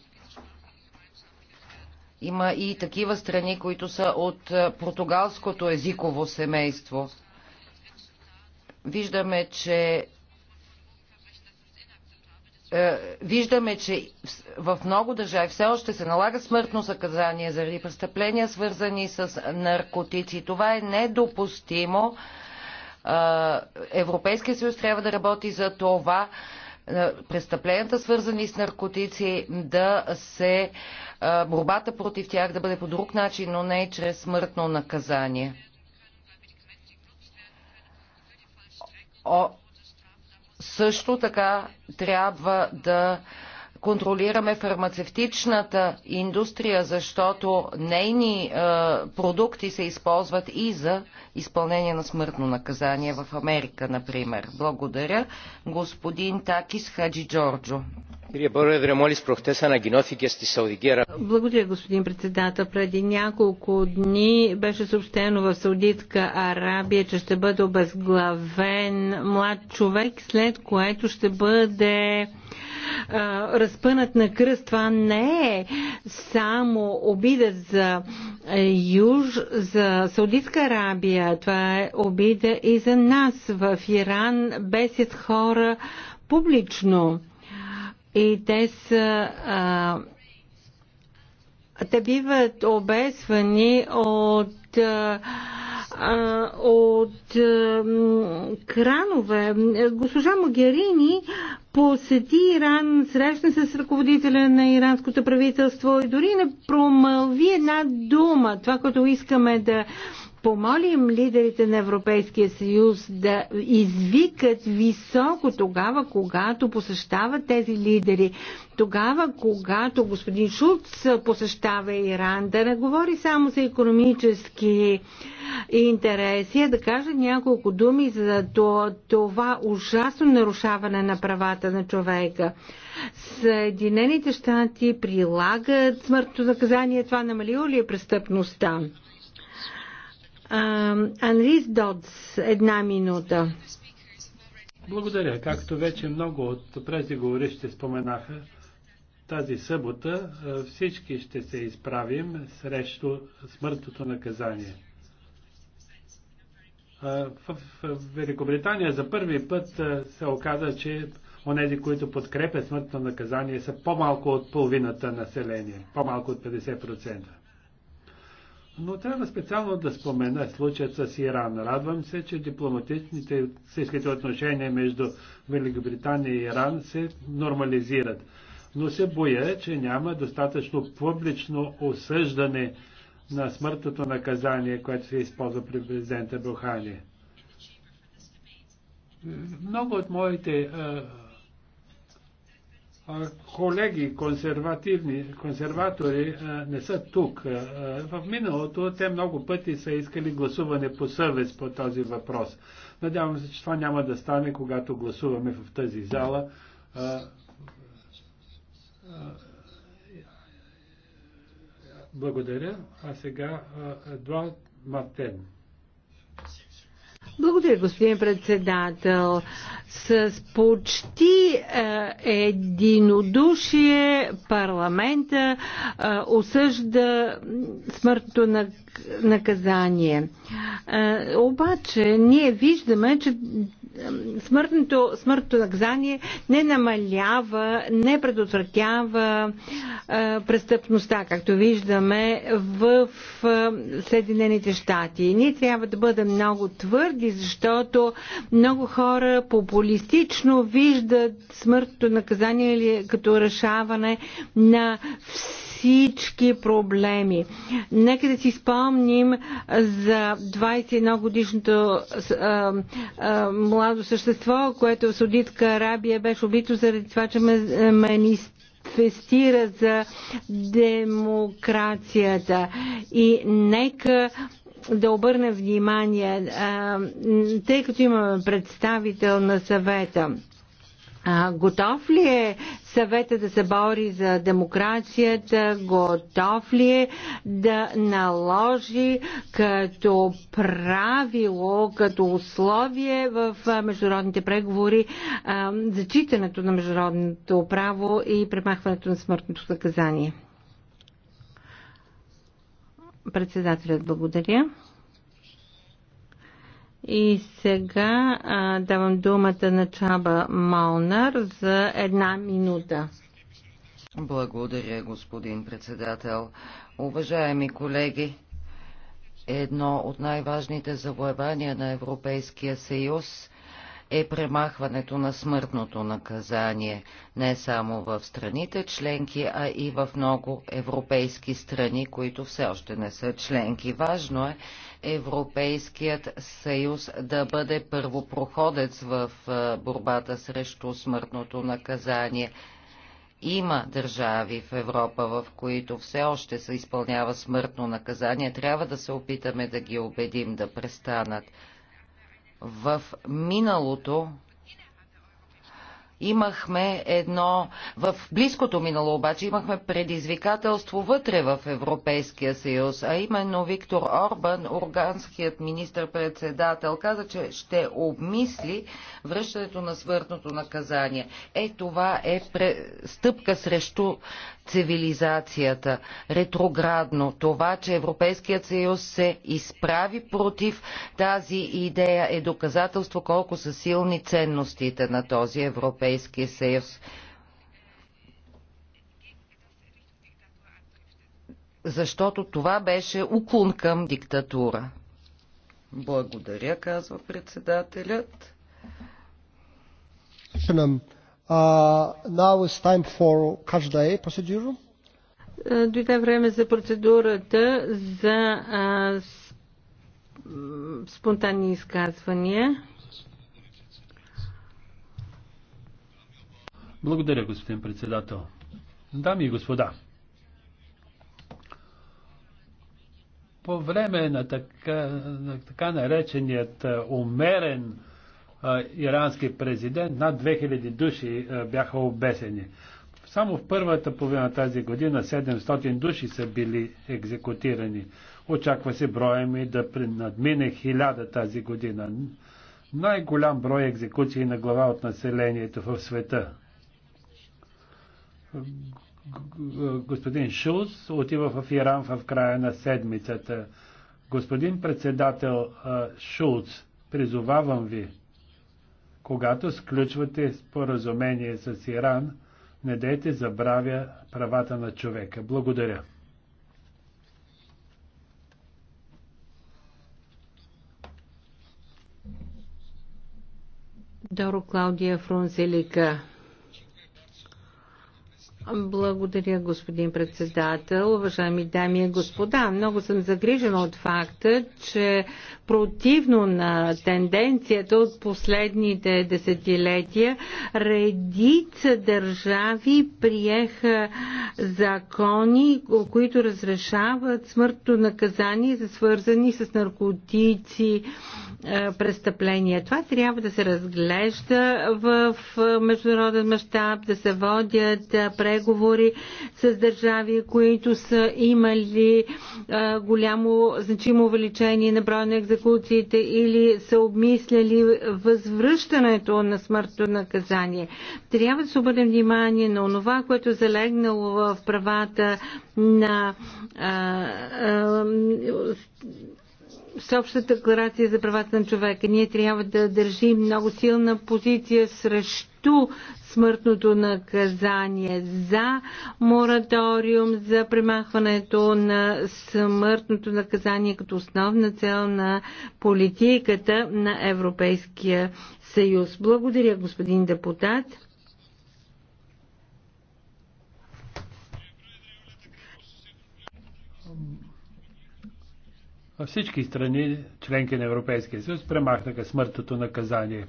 Има и такива страни, които са от португалското езиково семейство. Виждаме, че е, виждаме, че в много държави все още се налага смъртно заказание заради престъпления, свързани с наркотици. Това е недопустимо. Е, Европейския съюз трябва да работи за това е, престъпленията, свързани с наркотици, да се борбата против тях да бъде по друг начин, но не чрез смъртно наказание. Също така трябва да контролираме фармацевтичната индустрия, защото нейни е, продукти се използват и за изпълнение на смъртно наказание в Америка, например. Благодаря. Господин Такис Хаджи Джорджо. Благодаря, господин председател. Преди няколко дни беше съобщено в Саудитска Арабия, че ще бъде обезглавен млад човек, след което ще бъде разпънат на кръст. Това не е само обида за Юж, за Саудитска Арабия. Това е обида и за нас в Иран. Бесят хора публично и те са а, те биват обесвани от а, от а, кранове. Госпожа Могерини посети Иран, срещна се с ръководителя на иранското правителство и дори не промълви една дума. Това, което искаме да помолим лидерите на Европейския съюз да извикат високо тогава, когато посещават тези лидери, тогава, когато господин Шулц посещава Иран, да не говори само за економически интереси, а да каже няколко думи за това ужасно нарушаване на правата на човека. Съединените щати прилагат смъртно наказание. Това намалило ли е престъпността? Анрис Додс, една минута. Благодаря. Както вече много от преждеговорившите споменаха, тази събота всички ще се изправим срещу смъртното наказание. В Великобритания за първи път се оказа, че онези, които подкрепят смъртното наказание, са по-малко от половината население, по-малко от 50%. Но трябва специално да спомена случаят с Иран. Радвам се, че дипломатичните всичките отношения между Великобритания и Иран се нормализират. Но се боя, че няма достатъчно публично осъждане на смъртното наказание, което се използва при президента Бухани. Много от моите колеги, консервативни, консерватори не са тук. В миналото те много пъти са искали гласуване по съвест по този въпрос. Надявам се, че това няма да стане, когато гласуваме в тази зала. Благодаря. А сега Едуард Мартен. Благодаря, господин председател. С почти е, единодушие парламента е, осъжда смъртното на, наказание. Е, обаче ние виждаме, че смъртното, смъртното наказание не намалява, не предотвратява а, престъпността, както виждаме в а, Съединените щати. Ние трябва да бъдем много твърди, защото много хора популистично виждат смъртното наказание или като решаване на всички всички проблеми. Нека да си спомним за 21 годишното а, а, младо същество, което в Судитска Арабия беше убито заради това, че ни фестира за демокрацията. И нека да обърнем внимание, тъй като имаме представител на съвета. А, готов ли е съвета да се бори за демокрацията? Готов ли е да наложи като правило, като условие в международните преговори а, зачитането на международното право и премахването на смъртното наказание? Председателят благодаря. И сега а, давам думата на Чаба Малнар за една минута. Благодаря, господин председател. Уважаеми колеги, едно от най-важните завоевания на Европейския съюз е премахването на смъртното наказание не само в страните членки, а и в много европейски страни, които все още не са членки. Важно е Европейският съюз да бъде първопроходец в борбата срещу смъртното наказание. Има държави в Европа, в които все още се изпълнява смъртно наказание. Трябва да се опитаме да ги убедим да престанат. В миналото имахме едно, в близкото минало обаче имахме предизвикателство вътре в Европейския съюз, а именно Виктор Орбан, урганският министр-председател, каза, че ще обмисли връщането на смъртното наказание. Е, това е стъпка срещу цивилизацията, ретроградно. Това, че Европейският съюз се изправи против тази идея е доказателство колко са силни ценностите на този Европейски съюз. Защото това беше уклон към диктатура. Благодаря, казва председателят. Uh, now it's time for cash day procedure. Дойде време за процедурата за а, спонтанни изказвания. Благодаря, господин председател. Дами и господа, по време на така, на така нареченият умерен ирански президент, над 2000 души бяха обесени. Само в първата половина тази година 700 души са били екзекутирани. Очаква се броя ми да надмине 1000 тази година. Най-голям брой екзекуции на глава от населението в света. Господин Шулц отива в Иран в края на седмицата. Господин председател Шулц, призовавам ви, когато сключвате споразумение с Иран, не дайте забравя правата на човека. Благодаря. Доро Клаудия Фрунзелика благодаря, господин председател. Уважаеми дами и господа, много съм загрижена от факта, че противно на тенденцията от последните десетилетия, редица държави приеха закони, които разрешават смъртно наказание за свързани с наркотици е, престъпления. Това трябва да се разглежда в е, международен мащаб, да се водят е, преговори с държави, които са имали голямо значимо увеличение на броя на екзекуциите или са обмисляли възвръщането на смъртно наказание. Трябва да се обърнем внимание на това, което е залегнало в правата на Съобщата декларация за правата на човека. Ние трябва да държим много силна позиция срещу смъртното наказание за мораториум за премахването на смъртното наказание като основна цел на политиката на Европейския съюз. Благодаря, господин депутат. Всички страни, членки на Европейския съюз, премахнаха смъртното наказание.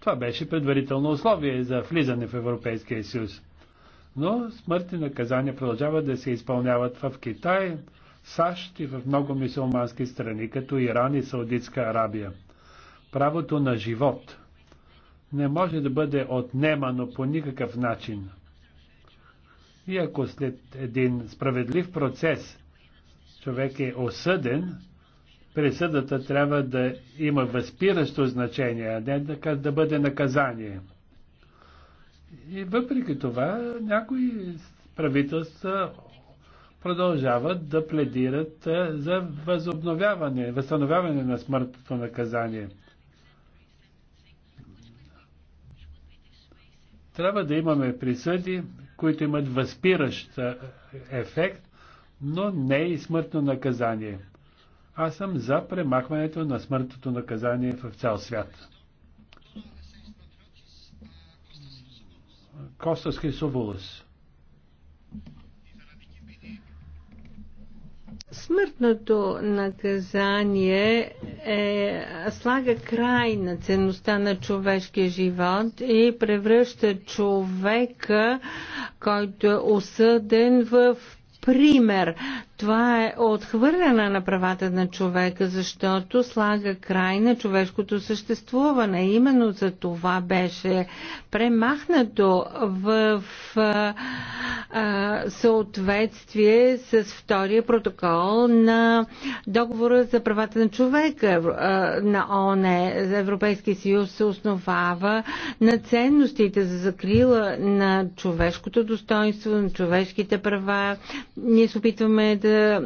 Това беше предварително условие за влизане в Европейския съюз. Но смъртни наказания продължават да се изпълняват в Китай, САЩ и в много мисулмански страни, като Иран и Саудитска Арабия. Правото на живот не може да бъде отнемано по никакъв начин. И ако след един справедлив процес човек е осъден, присъдата трябва да има възпиращо значение, а не да, да бъде наказание. И въпреки това, някои правителства продължават да пледират за възобновяване, възстановяване на смъртното наказание. Трябва да имаме присъди, които имат възпиращ ефект, но не и смъртно наказание. Аз съм за премахването на смъртното наказание в цял свят. Костас Хрисоволос. Смъртното наказание е, слага край на ценността на човешкия живот и превръща човека, който е осъден в пример. Това е отхвърляне на правата на човека, защото слага край на човешкото съществуване. Именно за това беше премахнато в а, а, съответствие с втория протокол на договора за правата на човека а, на ОНЕ. Европейския съюз се основава на ценностите за закрила на човешкото достоинство, на човешките права. Ние се опитваме да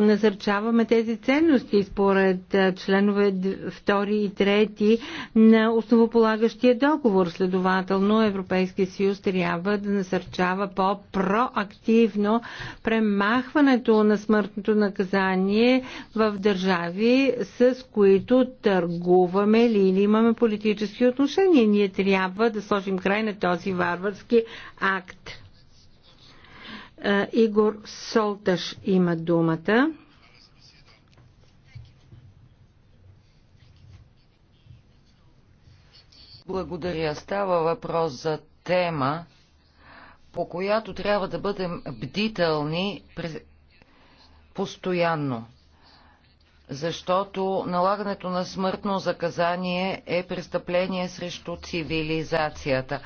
насърчаваме тези ценности според членове 2 и 3 на основополагащия договор. Следователно Европейския съюз трябва да насърчава по-проактивно премахването на смъртното наказание в държави, с които търгуваме или имаме политически отношения. Ние трябва да сложим край на този варварски акт. Игор Солташ има думата. Благодаря. Става въпрос за тема, по която трябва да бъдем бдителни постоянно. Защото налагането на смъртно заказание е престъпление срещу цивилизацията.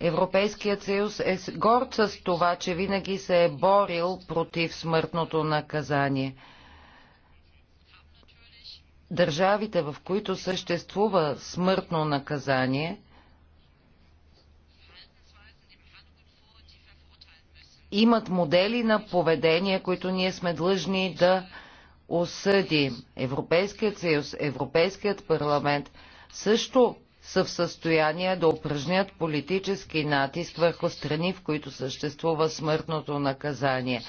Европейският съюз е горд с това, че винаги се е борил против смъртното наказание. Държавите, в които съществува смъртно наказание, имат модели на поведение, които ние сме длъжни да осъдим. Европейският съюз, Европейският парламент също са в състояние да упражнят политически натиск върху страни, в които съществува смъртното наказание.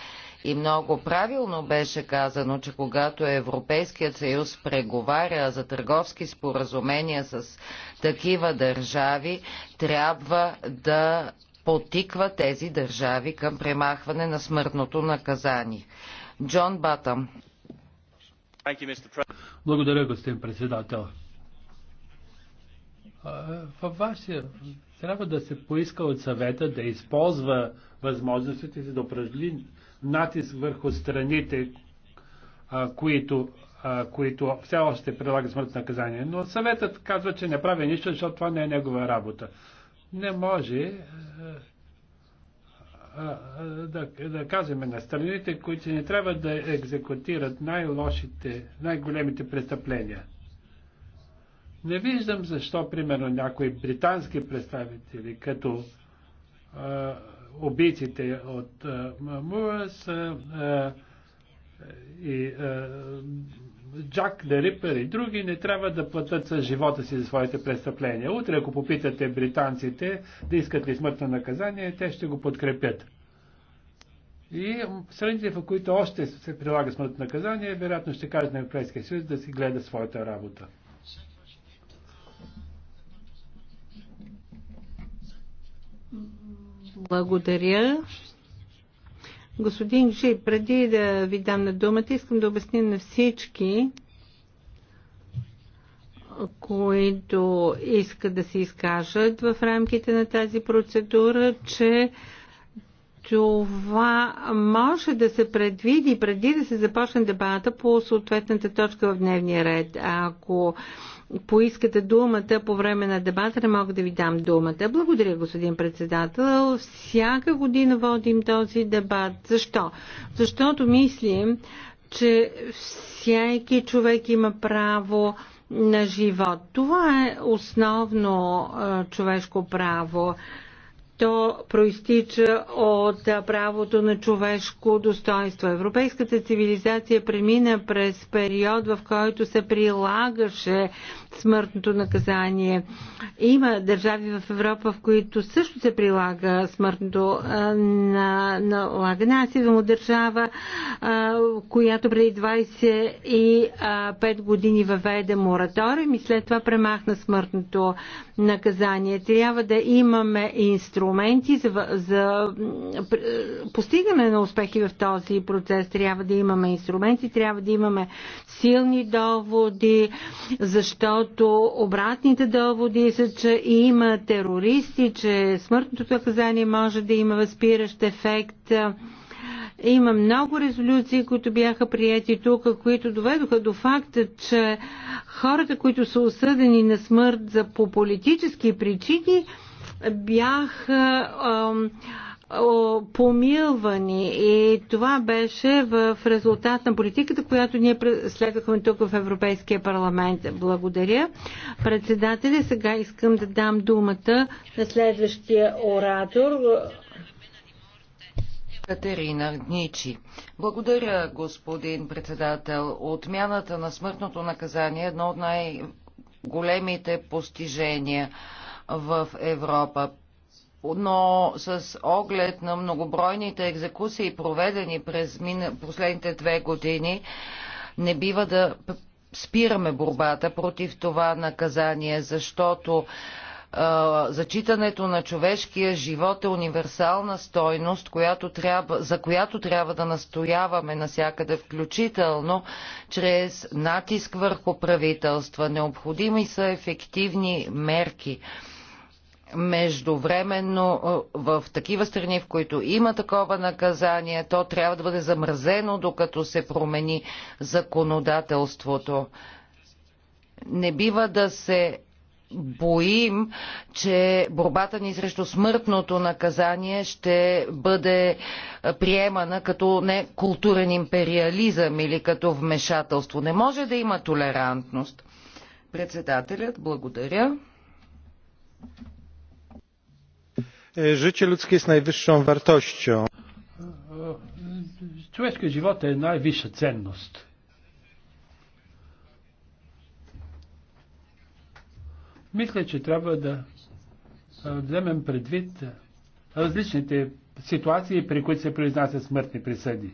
И много правилно беше казано, че когато Европейският съюз преговаря за търговски споразумения с такива държави, трябва да потиква тези държави към премахване на смъртното наказание. Джон Батъм. Благодаря, господин председател във вашия трябва да се поиска от съвета да използва възможностите си да упражни натиск върху страните, а, които, а, които все още прилагат смъртно наказание. Но съветът казва, че не прави нищо, защото това не е негова работа. Не може а, да, да кажем на страните, които не трябва да екзекутират най-лошите, най-големите престъпления. Не виждам защо, примерно, някои британски представители, като а, убийците от Мурас и а, Джак Дерипер и други не трябва да платят с живота си за своите престъпления. Утре, ако попитате британците да искат ли смъртно наказание, те ще го подкрепят. И страните, в които още се прилага смъртно наказание, вероятно ще каже на Европейския съюз да си гледа своята работа. Благодаря. Господин Жи, преди да ви дам на думата, искам да обясня на всички, които искат да се изкажат в рамките на тази процедура, че това може да се предвиди преди да се започне дебата по съответната точка в дневния ред. А ако поискате думата по време на дебата, не мога да ви дам думата. Благодаря, господин председател. Всяка година водим този дебат. Защо? Защото мислим, че всеки човек има право на живот. Това е основно човешко право то проистича от правото на човешко достоинство. Европейската цивилизация премина през период, в който се прилагаше смъртното наказание. Има държави в Европа, в които също се прилага смъртното налагане. Аз идвам от държава, която преди 25 години въведе мораториум и след това премахна смъртното наказание. Трябва да имаме инструмент инструменти за, за постигане на успехи в този процес. Трябва да имаме инструменти, трябва да имаме силни доводи, защото обратните доводи са, че има терористи, че смъртното наказание може да има възпиращ ефект. Има много резолюции, които бяха прияти тук, които доведоха до факта, че хората, които са осъдени на смърт за по политически причини, бяха помилвани и това беше в резултат на политиката, която ние следвахме тук в Европейския парламент. Благодаря. Председателя, сега искам да дам думата на следващия оратор. Катерина Ничи. Благодаря, господин председател. Отмяната на смъртното наказание е едно от най-големите постижения в Европа. Но с оглед на многобройните екзекуции, проведени през последните две години, не бива да спираме борбата против това наказание, защото зачитането на човешкия живот е универсална стойност, която трябва, за която трябва да настояваме насякъде, включително чрез натиск върху правителства. Необходими са ефективни мерки. Междувременно в такива страни, в които има такова наказание, то трябва да бъде замразено, докато се промени законодателството. Не бива да се боим, че борбата ни срещу смъртното наказание ще бъде приемана като не културен империализъм или като вмешателство. Не може да има толерантност. Председателят, благодаря. Życie ludzkie jest najwyższą wartością. Човешкият живот е най-висша ценност. Мисля, че трябва да вземем предвид различните ситуации, при които се произнасят смъртни присъди.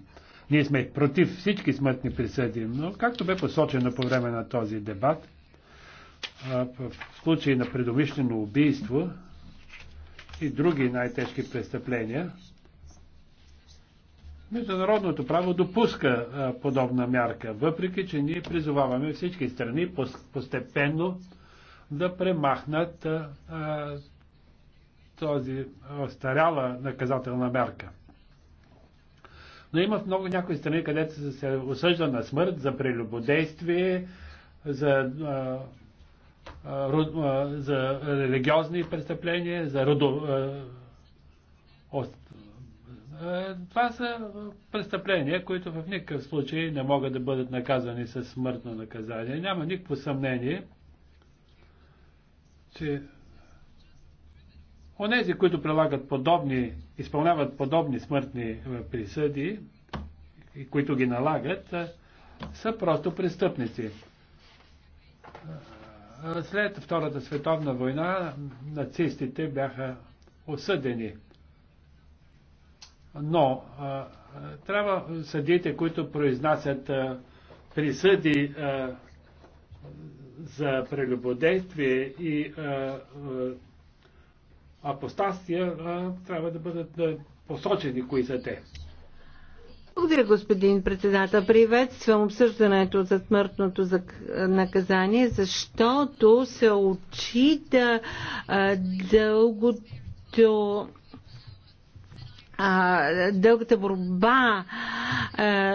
Ние сме против всички смъртни присъди, но както бе посочено по време на този дебат, в случай на предумишлено убийство, и други най-тежки престъпления, международното право допуска подобна мярка, въпреки че ние призоваваме всички страни постепенно да премахнат този старяла наказателна мярка. Но има много някои страни, където се осъжда на смърт за прелюбодействие, за а, за религиозни престъпления, за родо... Това са престъпления, които в никакъв случай не могат да бъдат наказани със смъртно наказание. Няма никакво съмнение, че онези, които прилагат подобни, изпълняват подобни смъртни присъди, и които ги налагат, са просто престъпници след Втората световна война нацистите бяха осъдени. Но а, трябва съдиите, които произнасят а, присъди а, за прелюбодействие и а, а, апостасия, а, трябва да бъдат а, посочени кои са те. Благодаря, господин председател. Приветствам обсъждането за смъртното наказание, защото се очита дългото а, дългата борба а,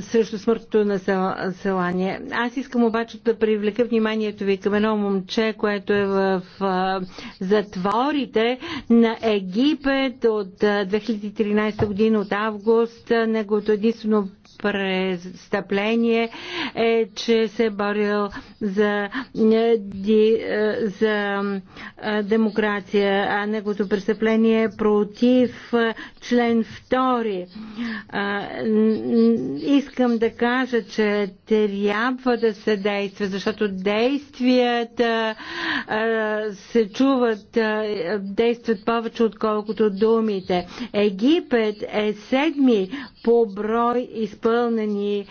срещу смъртното население. Аз искам обаче да привлека вниманието ви към едно момче, което е в а, затворите на Египет от 2013 година, от август. Неговото е единствено престъпление е, че се е борил за, е, е, за е, демокрация, а неговото престъпление е против член 2. Искам да кажа, че трябва да се действа, защото действията се чуват, действат повече отколкото думите. Египет е седми по брой изпълнителни изпълнени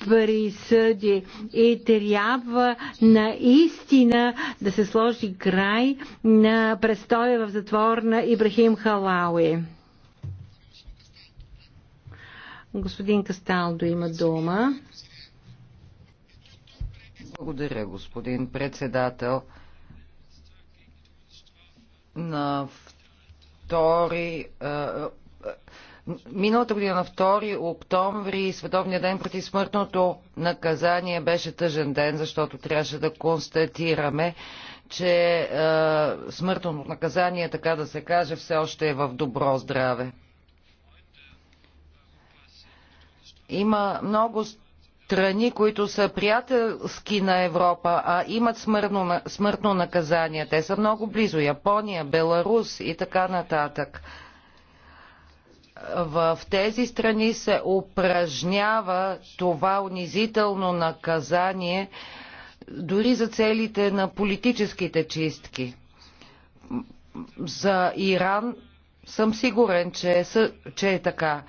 присъди и трябва наистина да се сложи край на престоя в затвор на Ибрахим Халауи. Господин Касталдо има дума. Благодаря, господин председател. На втори Миналата година на 2 октомври Световния ден против смъртното наказание беше тъжен ден, защото трябваше да констатираме, че е, смъртното наказание, така да се каже, все още е в добро здраве. Има много страни, които са приятелски на Европа, а имат смъртно, смъртно наказание. Те са много близо. Япония, Беларус и така нататък в тези страни се упражнява това унизително наказание дори за целите на политическите чистки. За Иран съм сигурен, че е, че е така.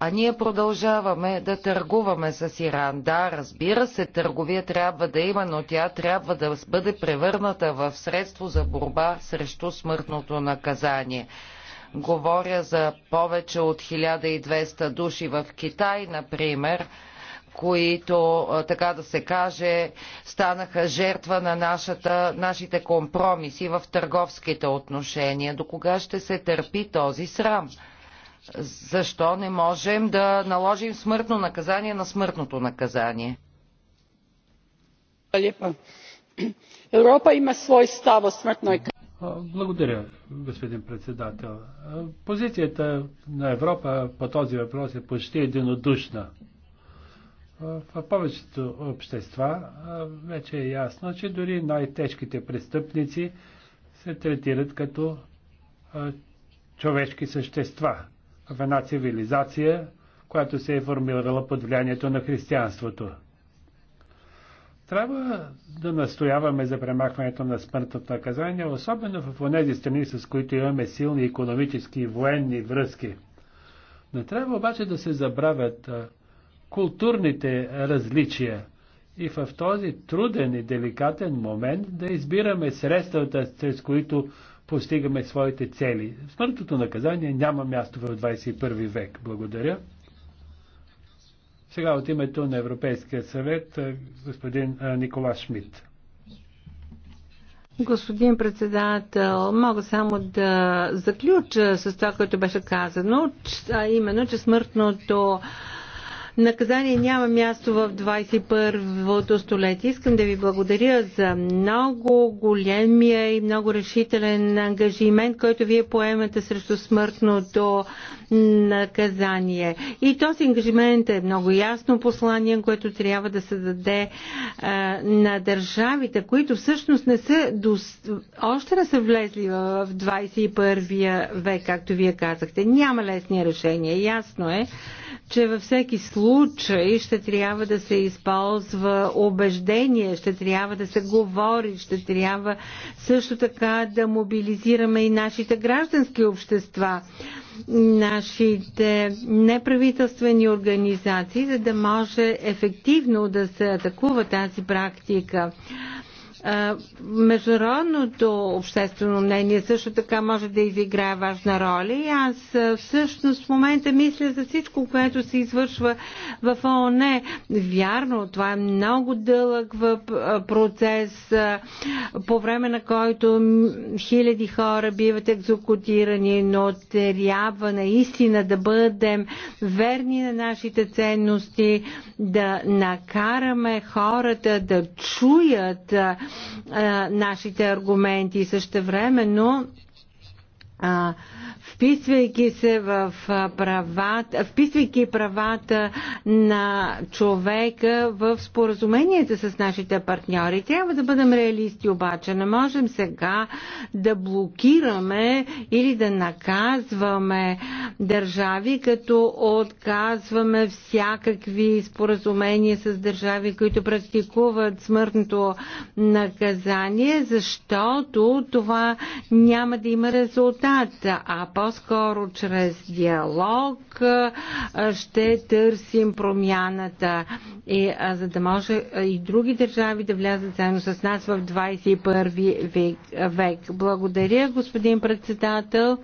А ние продължаваме да търгуваме с Иран. Да, разбира се, търговия трябва да има, но тя трябва да бъде превърната в средство за борба срещу смъртното наказание. Говоря за повече от 1200 души в Китай, например, които, така да се каже, станаха жертва на нашата, нашите компромиси в търговските отношения. До кога ще се търпи този срам? Защо не можем да наложим смъртно наказание на смъртното наказание? Европа има свой става, смъртно наказание. Благодаря, господин председател. Позицията на Европа по този въпрос е почти единодушна. В повечето общества вече е ясно, че дори най-тежките престъпници се третират като човешки същества в една цивилизация, която се е формирала под влиянието на християнството. Трябва да настояваме за премахването на смъртното наказание, особено в тези страни, с които имаме силни економически и военни връзки. Не трябва обаче да се забравят културните различия и в този труден и деликатен момент да избираме средствата, чрез които постигаме своите цели. Смъртното наказание няма място в 21 век. Благодаря. Сега от името на Европейския съвет господин Никола Шмидт. Господин председател, мога само да заключа с това, което беше казано, а именно, че смъртното Наказание няма място в 21-то столетие. Искам да ви благодаря за много големия и много решителен ангажимент, който вие поемате срещу смъртното наказание. И този ангажимент е много ясно послание, което трябва да се даде а, е, на държавите, които всъщност не са до... още не са влезли в 21 век, както вие казахте. Няма лесни решения. Ясно е, че във всеки случай случай ще трябва да се използва убеждение, ще трябва да се говори, ще трябва също така да мобилизираме и нашите граждански общества, нашите неправителствени организации, за да може ефективно да се атакува тази практика. Международното обществено мнение също така може да изиграе важна роля и аз всъщност в момента мисля за всичко, което се извършва в ООН. Вярно, това е много дълъг процес, по време на който хиляди хора биват екзекутирани, но трябва наистина да бъдем верни на нашите ценности, да накараме хората да чуят нашите аргументи. Също времено вписвайки се в правата, вписвайки правата на човека в споразуменията с нашите партньори. Трябва да бъдем реалисти обаче. Не можем сега да блокираме или да наказваме държави, като отказваме всякакви споразумения с държави, които практикуват смъртното наказание, защото това няма да има резултат. А по по-скоро чрез диалог ще търсим промяната, и, за да може и други държави да влязат заедно с нас в 21 век. Благодаря, господин председател.